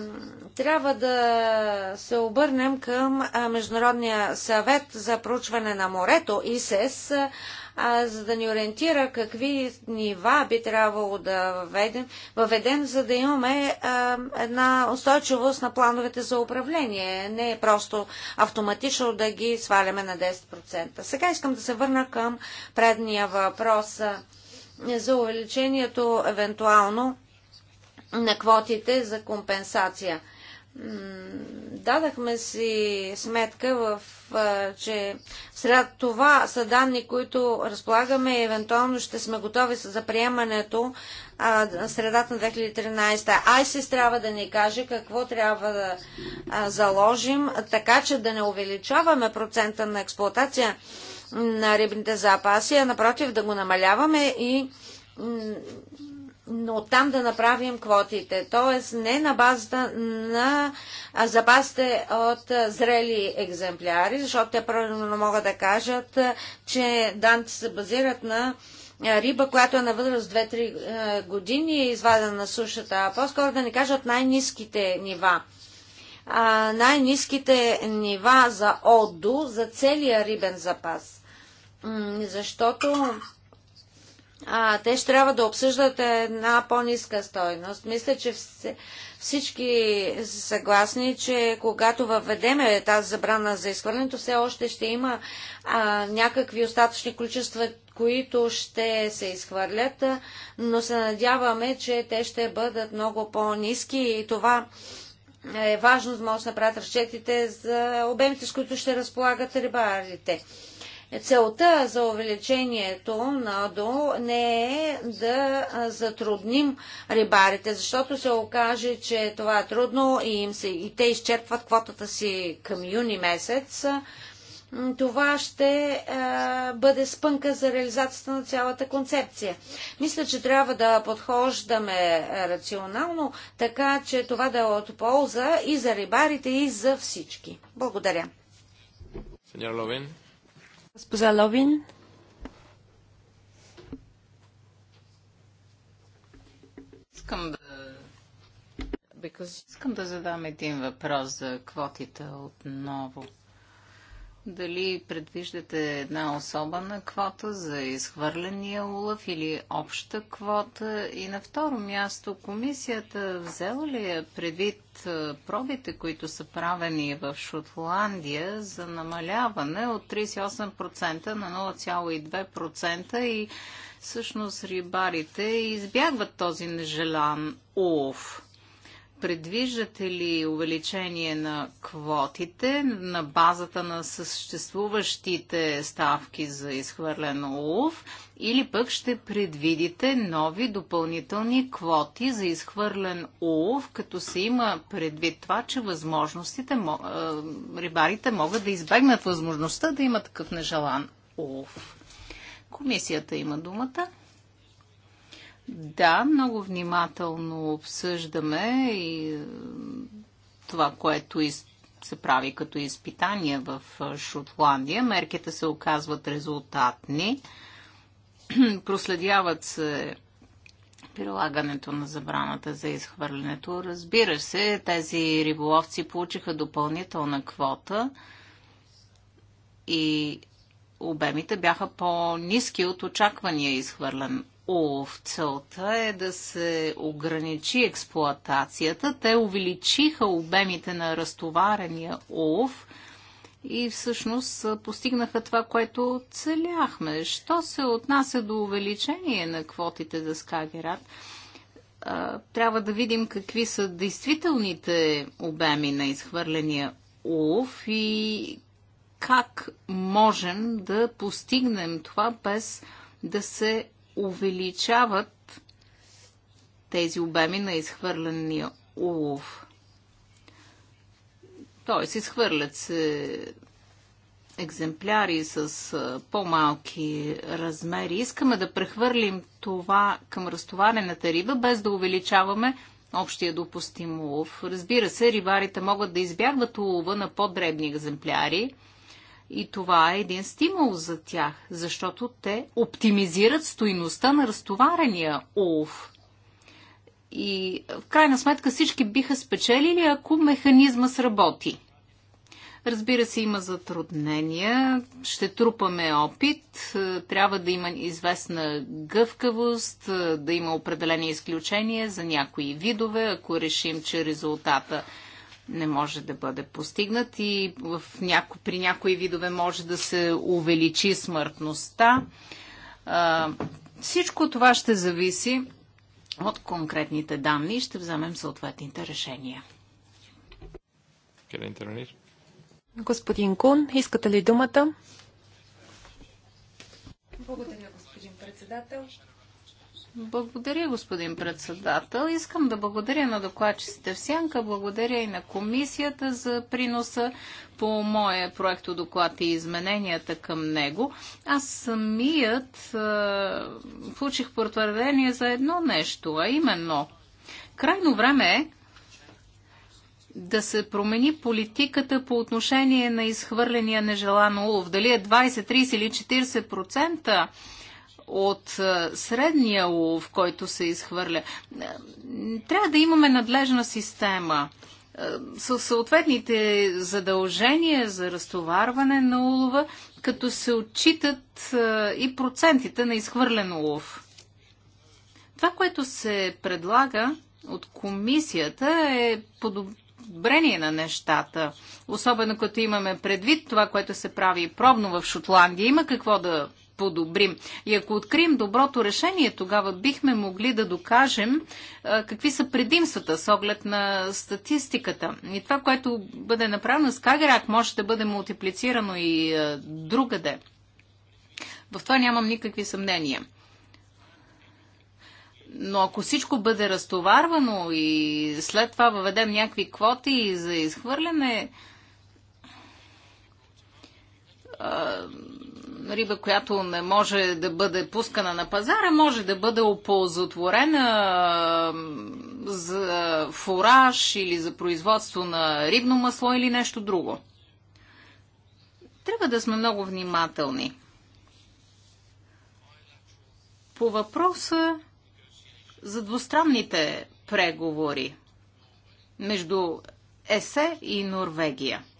трябва да се обърнем към Международния съвет за проучване на морето, ИСЕС, а, за да ни ориентира какви нива би трябвало да въведем, въведем за да имаме а, една устойчивост на плановете за управление. Не е просто автоматично да ги сваляме на 10%. Сега искам да се върна към предния въпрос за увеличението евентуално на квотите за компенсация – дадахме си сметка, в, че сред това са данни, които разполагаме и евентуално ще сме готови за приемането на средата на 2013. Айсис трябва да ни каже какво трябва да заложим, така че да не увеличаваме процента на експлуатация на рибните запаси, а напротив да го намаляваме и но там да направим квотите, т.е. не на базата на запасите от зрели екземпляри, защото те правилно могат да кажат, че данните се базират на риба, която е на възраст 2-3 години и е извадена на сушата, а по-скоро да ни кажат най-низките нива. най-низките нива за ОДУ за целия рибен запас. Защото а, те ще трябва да обсъждат една по-ниска стойност. Мисля, че всички са съгласни, че когато въведеме тази забрана за изхвърлянето, все още ще има а, някакви остатъчни количества, които ще се изхвърлят, но се надяваме, че те ще бъдат много по-низки и това е важно, за да може да направят разчетите за обемите, с които ще разполагат рибарите. Целта за увеличението на ДО не е да затрудним рибарите, защото се окаже, че това е трудно и, им се, и те изчерпват квотата си към юни месец. Това ще а, е, бъде спънка за реализацията на цялата концепция. Мисля, че трябва да подхождаме е, рационално, така че това да е от полза и за рибарите, и за всички. Благодаря. Госпожа Ловин. Искам да Искам да задам един въпрос за квотите отново. Дали предвиждате една особена квота за изхвърления улов или обща квота? И на второ място, комисията взела ли е предвид пробите, които са правени в Шотландия за намаляване от 38% на 0,2% и всъщност рибарите избягват този нежелан улов? Предвиждате ли увеличение на квотите на базата на съществуващите ставки за изхвърлен улов или пък ще предвидите нови допълнителни квоти за изхвърлен улов, като се има предвид това, че възможностите, рибарите могат да избегнат възможността да има такъв нежелан улов. Комисията има думата. Да, много внимателно обсъждаме и е, това, което из... се прави като изпитание в е, Шотландия. Мерките се оказват резултатни. Проследяват се прилагането на забраната за изхвърлянето. Разбира се, тези риболовци получиха допълнителна квота и обемите бяха по-низки от очаквания изхвърлен улов. Целта е да се ограничи експлоатацията. Те увеличиха обемите на разтоварения Ов и всъщност постигнаха това, което целяхме. Що се отнася до увеличение на квотите за скагерат, трябва да видим какви са действителните обеми на изхвърления улов и как можем да постигнем това без да се увеличават тези обеми на изхвърления улов. Тоест, изхвърлят се екземпляри с по-малки размери. Искаме да прехвърлим това към разтоварената риба, без да увеличаваме общия допустим улов. Разбира се, рибарите могат да избягват улова на по-дребни екземпляри – и това е един стимул за тях, защото те оптимизират стоиността на разтоварения улов. И в крайна сметка всички биха спечелили, ако механизма сработи. Разбира се, има затруднения. Ще трупаме опит. Е, трябва да има известна гъвкавост, е, да има определени изключения за някои видове, ако решим, че резултата не може да бъде постигнат и в няко, при някои видове може да се увеличи смъртността. А, всичко това ще зависи от конкретните данни и ще вземем съответните решения. Господин Кун, искате ли думата? Благодаря, господин председател. Благодаря, господин председател. Искам да благодаря на докладчиците в Сянка, благодаря и на комисията за приноса по моя проекто доклад и измененията към него. Аз самият е, получих потвърдение за едно нещо, а именно крайно време е да се промени политиката по отношение на изхвърления нежелан улов. Дали е 20, 30 или 40 процента, от е, средния лов, който се изхвърля. Е, трябва да имаме надлежна система е, със съответните задължения за разтоварване на улова, като се отчитат и процентите на изхвърлен улов. Това, което се предлага от комисията е подобрение на нещата, особено като имаме предвид това, което се прави пробно в Шотландия. Има какво да подобрим. И ако открием доброто решение, тогава бихме могли да докажем какви са предимствата с оглед на статистиката. И това, което бъде направено с Кагерак, може да бъде мултиплицирано и другаде. В това нямам никакви съмнения. Но ако всичко бъде разтоварвано и след това въведем някакви квоти за изхвърляне, риба, която не може да бъде пускана на пазара, може да бъде оползотворена за фураж или за производство на рибно масло или нещо друго. Трябва да сме много внимателни. По въпроса за двустранните преговори между ЕСЕ и Норвегия –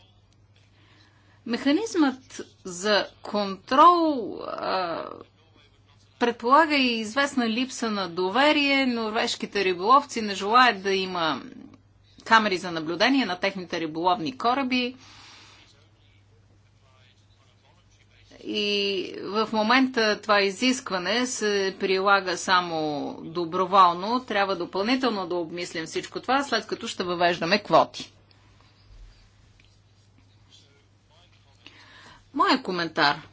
Механизмът за контрол а, предполага и известна липса на доверие. Норвежките риболовци не желаят да има камери за наблюдение на техните риболовни кораби. И в момента това изискване се прилага само доброволно. Трябва допълнително да обмислим всичко това, след като ще въвеждаме квоти. Моя коментар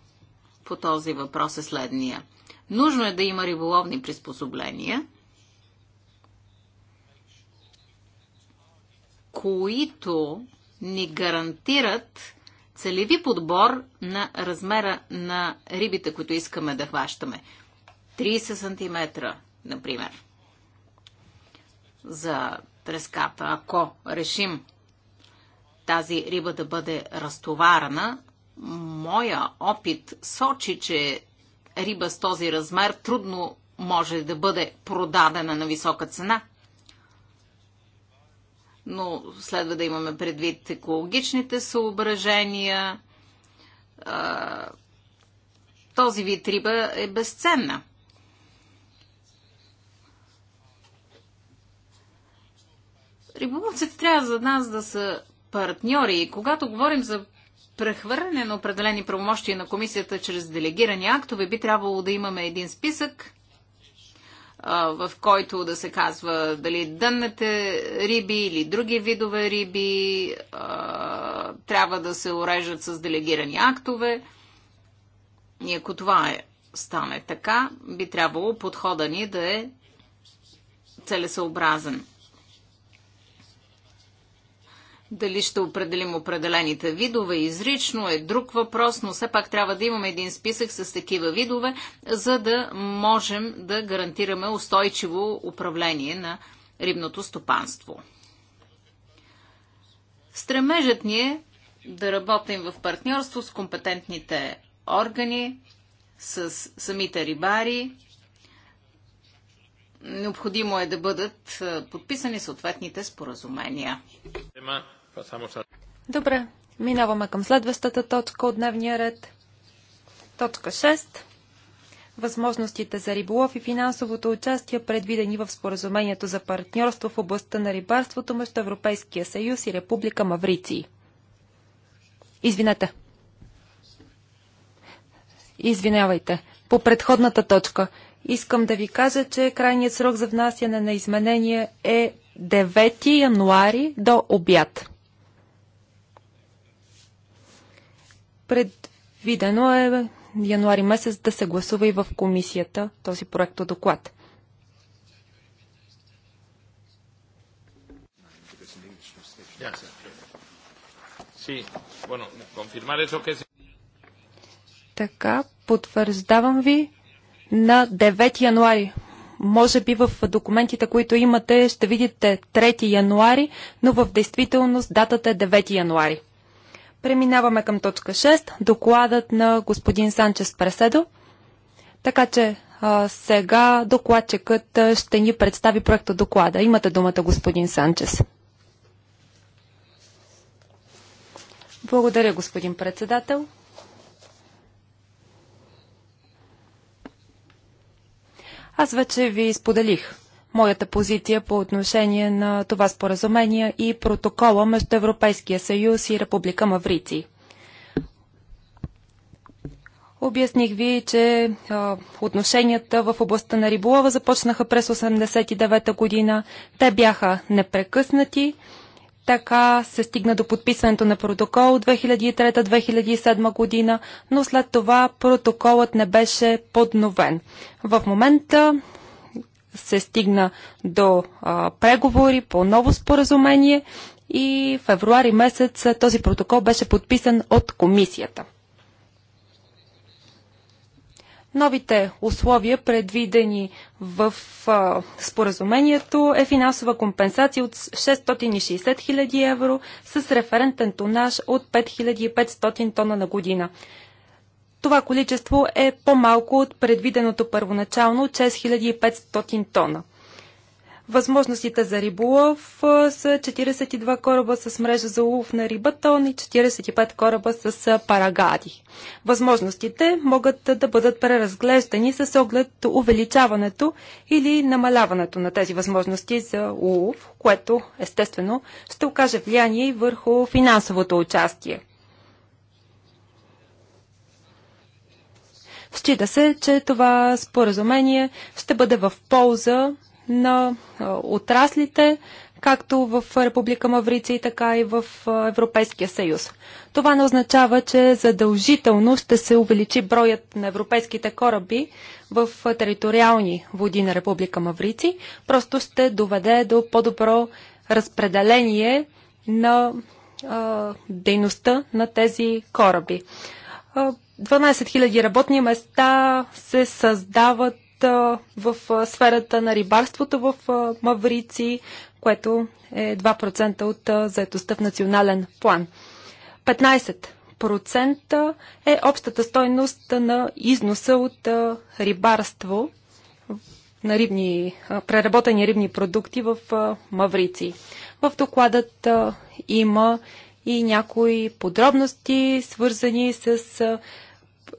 по този въпрос е следния. Нужно е да има риболовни приспособления, които ни гарантират целеви подбор на размера на рибите, които искаме да хващаме. 30 см, например, за треската. Ако решим тази риба да бъде разтоварена, моя опит сочи, че риба с този размер трудно може да бъде продадена на висока цена. Но следва да имаме предвид екологичните съображения. Този вид риба е безценна. Риболовците трябва за нас да са партньори. И когато говорим за прехвърляне на определени правомощия на комисията чрез делегирани актове, би трябвало да имаме един списък, в който да се казва дали дънните риби или други видове риби трябва да се урежат с делегирани актове. И ако това е, стане така, би трябвало подхода ни да е целесъобразен. Дали ще определим определените видове изрично е друг въпрос, но все пак трябва да имаме един списък с такива видове, за да можем да гарантираме устойчиво управление на рибното стопанство. Стремежът ни е да работим в партньорство с компетентните органи, с самите рибари. Необходимо е да бъдат подписани съответните споразумения. Добре, минаваме към следващата точка от дневния ред. Точка 6. Възможностите за риболов и финансовото участие, предвидени в споразумението за партньорство в областта на рибарството между Европейския съюз и Република Маврици. Извинете. Извинявайте. По предходната точка. Искам да ви кажа, че крайният срок за внасяне на изменение е 9 януари до обяд. Предвидено е януари месец да се гласува и в комисията този проект доклад. Така, потвърждавам ви на 9 януари. Може би в документите, които имате, ще видите 3 януари, но в действителност датата е 9 януари. Преминаваме към точка 6, докладът на господин Санчес Преседо. Така че а, сега докладчикът ще ни представи проекта доклада. Имате думата, господин Санчес. Благодаря, господин председател. Аз вече ви споделих моята позиция по отношение на това споразумение и протокола между Европейския съюз и Република Маврици. Обясних ви, че а, отношенията в областта на риболова започнаха през 1989 година. Те бяха непрекъснати. Така се стигна до подписването на протокол 2003-2007 година, но след това протоколът не беше подновен. В момента се стигна до а, преговори по ново споразумение и февруари месец този протокол беше подписан от комисията. Новите условия, предвидени в а, споразумението, е финансова компенсация от 660 000 евро с референтен тонаж от 5500 тона на година. Това количество е по-малко от предвиденото първоначално 6500 тона. Възможностите за риболов са 42 кораба с мрежа за улов на рибатон и 45 кораба с парагади. Възможностите могат да бъдат преразглеждани с оглед увеличаването или намаляването на тези възможности за улов, което естествено ще окаже влияние върху финансовото участие. Счита се, че това споразумение ще бъде в полза на отраслите, както в Република Маврици, така и в Европейския съюз. Това не означава, че задължително ще се увеличи броят на европейските кораби в териториални води на Република Маврици, просто ще доведе до по-добро разпределение на а, дейността на тези кораби. А, 12 000 работни места се създават в сферата на рибарството в Маврици, което е 2% от заетостта в национален план. 15% е общата стойност на износа от рибарство на рибни, преработени рибни продукти в Маврици. В докладът има и някои подробности, свързани с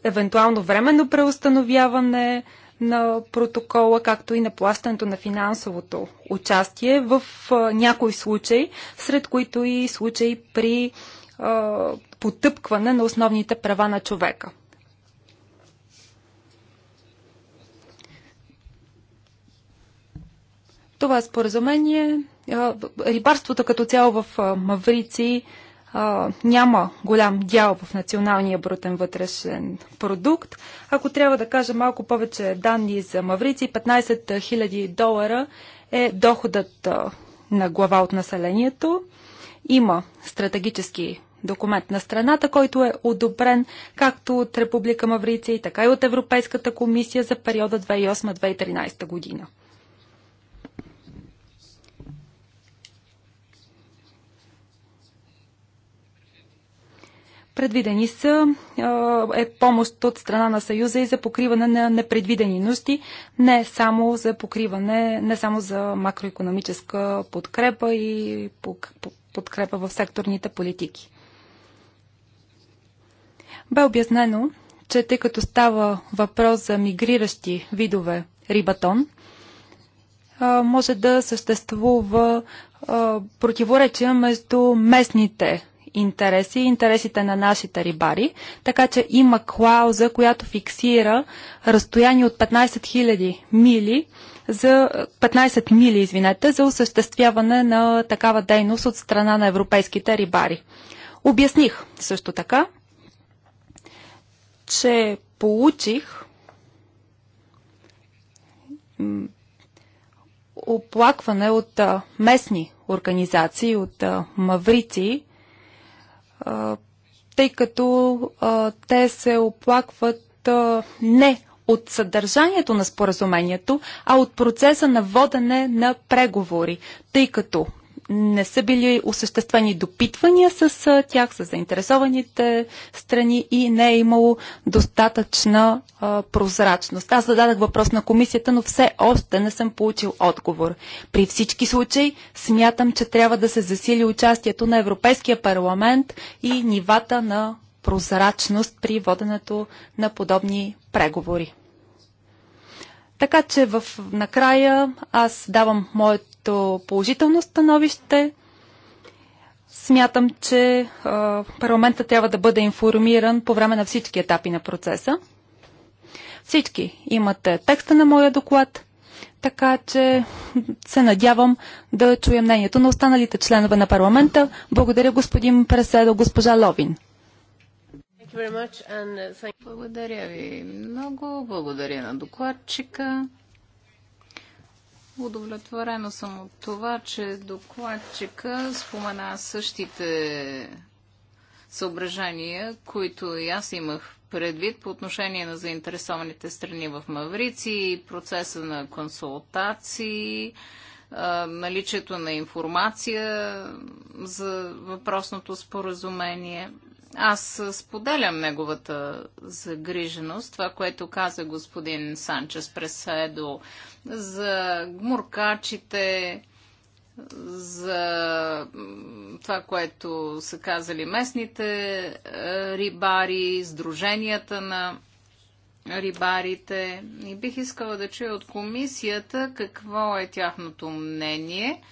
евентуално временно преустановяване на протокола, както и на плащането на финансовото участие в някои случаи, сред които и случаи при а, потъпкване на основните права на човека. Това е споразумение, рибарството като цяло в Маврици а, няма голям дял в националния брутен вътрешен продукт. Ако трябва да кажа малко повече данни за Маврици, 15 000 долара е доходът а, на глава от населението. Има стратегически документ на страната, който е одобрен както от Република Мавриция, така и от Европейската комисия за периода 2008-2013 година. Предвидени са е помощ от страна на Съюза и за покриване на непредвидени нужди, не само за покриване, не само за макроекономическа подкрепа и подкрепа в секторните политики. Бе обяснено, че тъй като става въпрос за мигриращи видове рибатон, може да съществува противоречия между местните интереси и интересите на нашите рибари, така че има клауза, която фиксира разстояние от 15 000 мили за 15 мили, извинете, за осъществяване на такава дейност от страна на европейските рибари. Обясних също така, че получих оплакване от местни организации, от маврици, тъй като а, те се оплакват а, не от съдържанието на споразумението, а от процеса на водене на преговори, тъй като не са били осъществени допитвания с тях, с заинтересованите страни и не е имало достатъчна а, прозрачност. Аз зададах въпрос на комисията, но все още не съм получил отговор. При всички случаи смятам, че трябва да се засили участието на Европейския парламент и нивата на прозрачност при воденето на подобни преговори. Така че в, накрая аз давам моето положително становище. Смятам, че а, парламента трябва да бъде информиран по време на всички етапи на процеса. Всички имате текста на моя доклад, така че се надявам да чуя мнението на останалите членове на парламента. Благодаря господин Преседо, госпожа Ловин. Uh, Благодаря ви много. Благодаря на докладчика. Удовлетворено съм от това, че докладчика спомена същите съображения, които и аз имах предвид по отношение на заинтересованите страни в Маврици, процеса на консултации, наличието на информация за въпросното споразумение. Аз споделям неговата загриженост, това, което каза господин Санчес Преседо за гмуркачите, за това, което са казали местните е, рибари, сдруженията на рибарите. И бих искала да чуя от комисията какво е тяхното мнение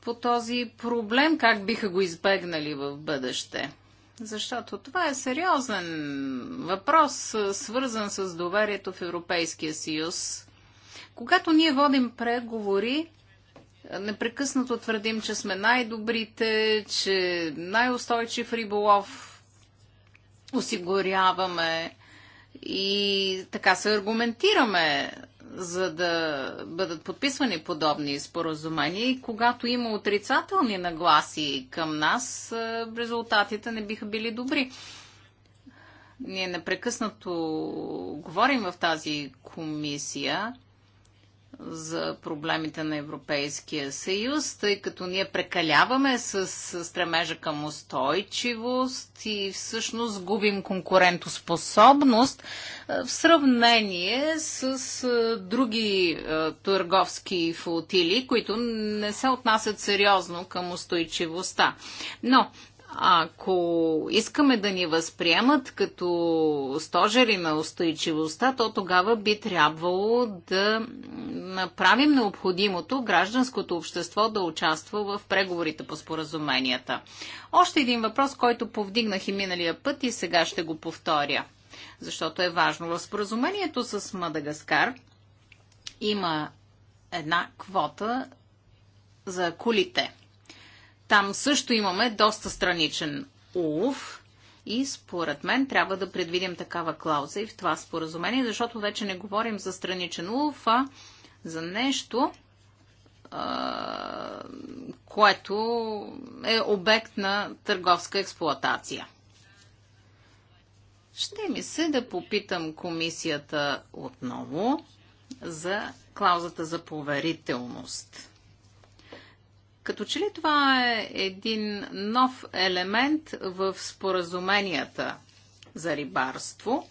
по този проблем, как биха го избегнали в бъдеще. Защото това е сериозен въпрос, свързан с доверието в Европейския съюз. Когато ние водим преговори, непрекъснато твърдим, че сме най-добрите, че най-устойчив риболов осигуряваме и така се аргументираме за да бъдат подписвани подобни споразумения и когато има отрицателни нагласи към нас, е, резултатите не биха били добри. Ние непрекъснато говорим в тази комисия за проблемите на Европейския съюз, тъй като ние прекаляваме с стремежа към устойчивост и всъщност губим конкурентоспособност е, в сравнение с е, други е, търговски флотили, които не се отнасят сериозно към устойчивостта. Но ако искаме да ни възприемат като стожери на устойчивостта, то тогава би трябвало да направим необходимото гражданското общество да участва в преговорите по споразуменията. Още един въпрос, който повдигнах и миналия път и сега ще го повторя, защото е важно. В споразумението с Мадагаскар има една квота за кулите – там също имаме доста страничен улов и според мен трябва да предвидим такава клауза и в това споразумение, защото вече не говорим за страничен улов, а за нещо, което е обект на търговска експлоатация. Ще ми се да попитам комисията отново за клаузата за поверителност. Като че ли това е един нов елемент в споразуменията за рибарство?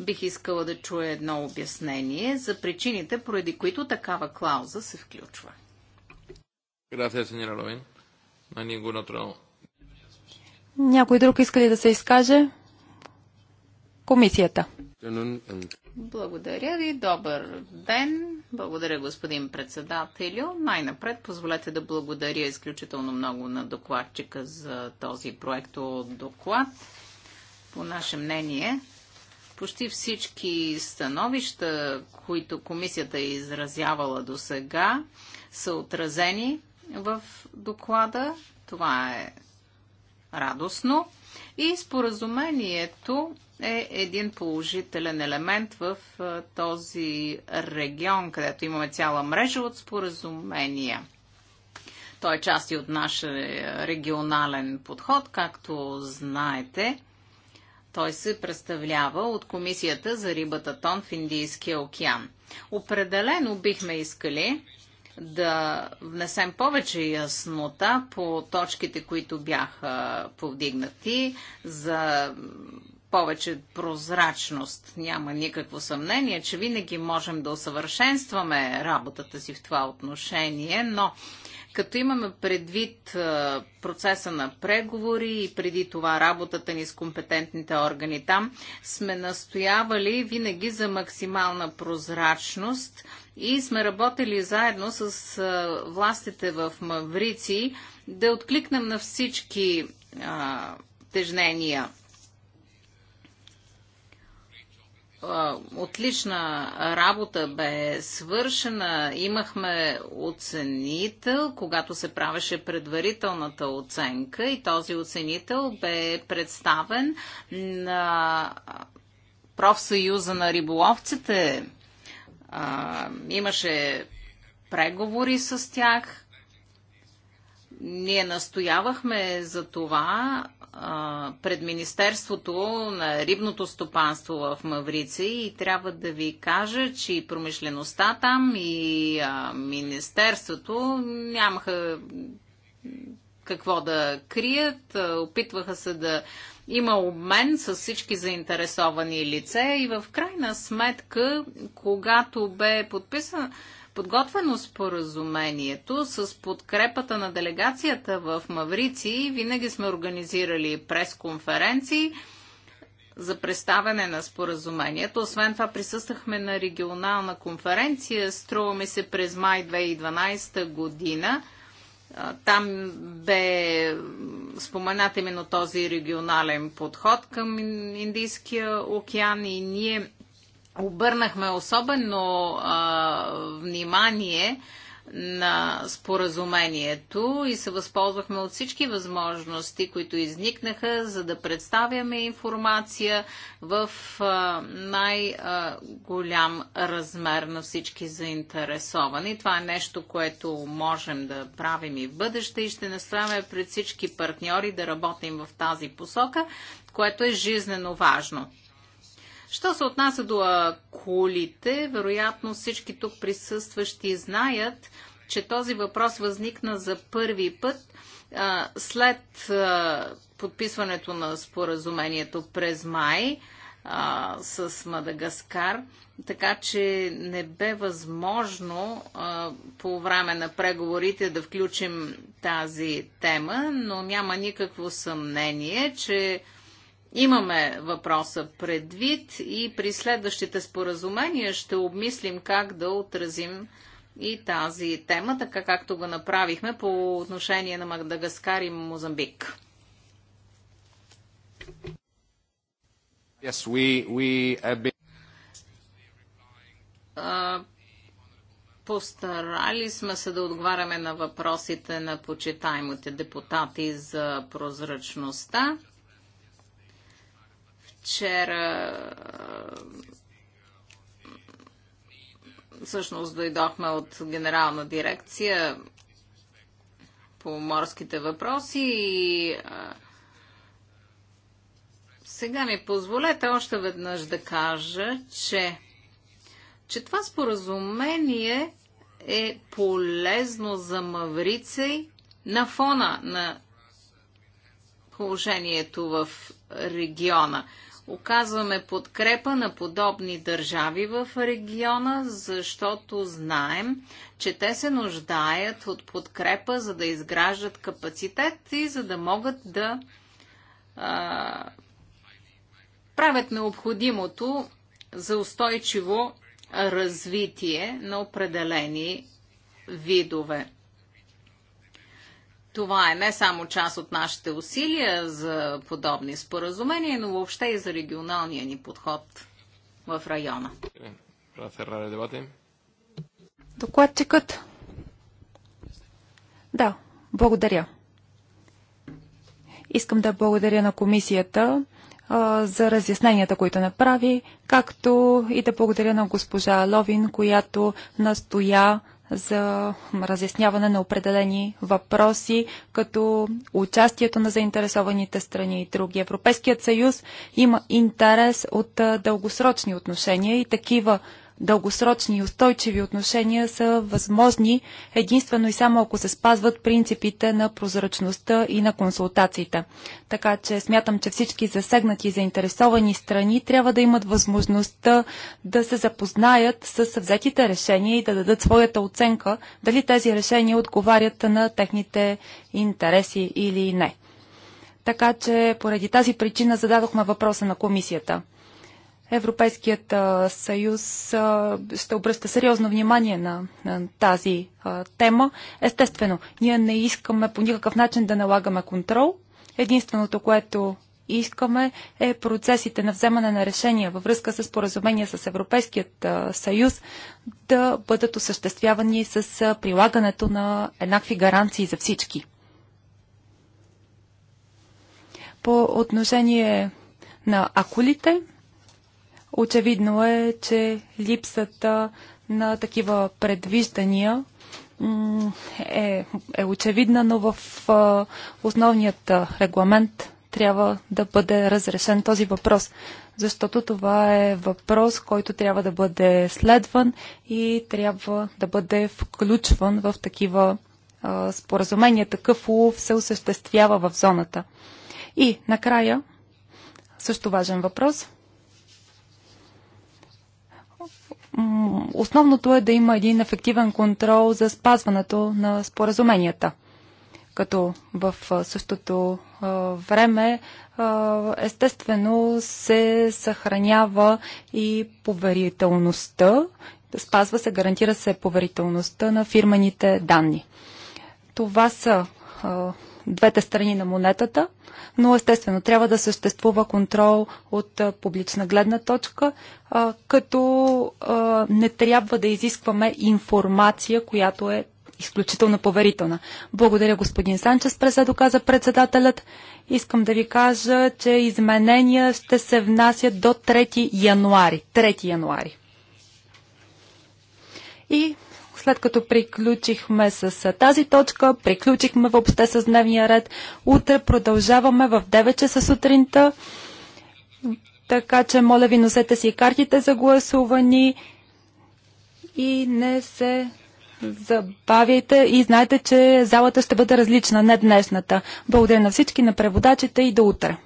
Бих искала да чуя едно обяснение за причините, поради които такава клауза се включва. Някой друг иска ли да се изкаже? Комисията. Благодаря ви. Добър ден. Благодаря, господин председателю. Най-напред позволете да благодаря изключително много на докладчика за този проект доклад. По наше мнение, почти всички становища, които комисията е изразявала до сега, са отразени в доклада. Това е радостно. И споразумението е един положителен елемент в този регион, където имаме цяла мрежа от споразумения. Той е част и от нашия регионален подход, както знаете. Той се представлява от Комисията за рибата Тон в Индийския океан. Определено бихме искали да внесем повече яснота по точките, които бяха повдигнати за повече прозрачност. Няма никакво съмнение, че винаги можем да усъвършенстваме работата си в това отношение, но като имаме предвид процеса на преговори и преди това работата ни с компетентните органи там, сме настоявали винаги за максимална прозрачност – и сме работили заедно с властите в Маврици да откликнем на всички а, тежнения. отлична работа бе свършена. Имахме оценител, когато се правеше предварителната оценка и този оценител бе представен на профсъюза на риболовците а, имаше преговори с тях. Ние настоявахме за това а, пред Министерството на рибното стопанство в Маврици и трябва да ви кажа, че и промишлеността там и а, Министерството нямаха какво да крият. Опитваха се да има обмен с всички заинтересовани лице и в крайна сметка, когато бе подписан, подготвено споразумението с подкрепата на делегацията в Маврици, винаги сме организирали пресконференции за представяне на споразумението. Освен това присъствахме на регионална конференция, струва ми се през май 2012 година – там бе споменат именно този регионален подход към Индийския океан и ние обърнахме особено а, внимание а, на споразумението и се възползвахме от всички възможности, които изникнаха, за да представяме информация в най-голям размер на всички заинтересовани. Това е нещо, което можем да правим и в бъдеще и ще настояваме пред всички партньори да работим в тази посока, което е жизнено важно. Що се отнася до кулите, вероятно всички тук присъстващи знаят, че този въпрос възникна за първи път а, след а, подписването на споразумението през май а, с Мадагаскар, така че не бе възможно а, по време на преговорите да включим тази тема, но няма никакво съмнение, че имаме въпроса предвид и при следващите споразумения ще обмислим как да отразим и тази тема, така както го направихме по отношение на Мадагаскар и Мозамбик. Yes, we, we have been... Постарали сме се да отговаряме на въпросите на почитаемите депутати за прозрачността. Вчера всъщност дойдохме от генерална дирекция по морските въпроси и сега ми позволете още веднъж да кажа, че, че това споразумение е полезно за Маврицей на фона на положението в региона оказваме подкрепа на подобни държави в региона, защото знаем, че те се нуждаят от подкрепа, за да изграждат капацитет и за да могат да а, правят необходимото за устойчиво развитие на определени видове. Това е не само част от нашите усилия за подобни споразумения, но въобще и за регионалния ни подход в района. Докладчикът. Да, благодаря. Искам да благодаря на комисията а, за разясненията, които направи, както и да благодаря на госпожа Ловин, която настоя за разясняване на определени въпроси, като участието на заинтересованите страни и други. Европейският съюз има интерес от дългосрочни отношения и такива дългосрочни и устойчиви отношения са възможни единствено и само ако се спазват принципите на прозрачността и на консултациите. Така че смятам, че всички засегнати и заинтересовани страни трябва да имат възможността да се запознаят с взетите решения и да дадат своята оценка дали тези решения отговарят на техните интереси или не. Така че поради тази причина зададохме въпроса на комисията. Европейският съюз ще обръща сериозно внимание на, тази тема. Естествено, ние не искаме по никакъв начин да налагаме контрол. Единственото, което искаме е процесите на вземане на решения във връзка с поразумение с Европейският съюз да бъдат осъществявани с прилагането на еднакви гаранции за всички. По отношение на акулите, Очевидно е, че липсата на такива предвиждания е, е очевидна, но в основният регламент трябва да бъде разрешен този въпрос, защото това е въпрос, който трябва да бъде следван и трябва да бъде включван в такива споразумения. Такъв улов се осъществява в зоната. И накрая, също важен въпрос – основното е да има един ефективен контрол за спазването на споразуменията. Като в същото време естествено се съхранява и поверителността, спазва се, гарантира се поверителността на фирмените данни. Това са двете страни на монетата, но естествено трябва да съществува контрол от публична гледна точка, като не трябва да изискваме информация, която е изключително поверителна. Благодаря господин Санчес, преседо каза председателят. Искам да ви кажа, че изменения ще се внасят до 3 януари. 3 януари. И след като приключихме с тази точка, приключихме въобще с дневния ред. Утре продължаваме в 9 часа сутринта. Така че, моля ви, носете си картите за гласувани и не се забавяйте и знаете, че залата ще бъде различна, не днешната. Благодаря на всички, на преводачите и до утре.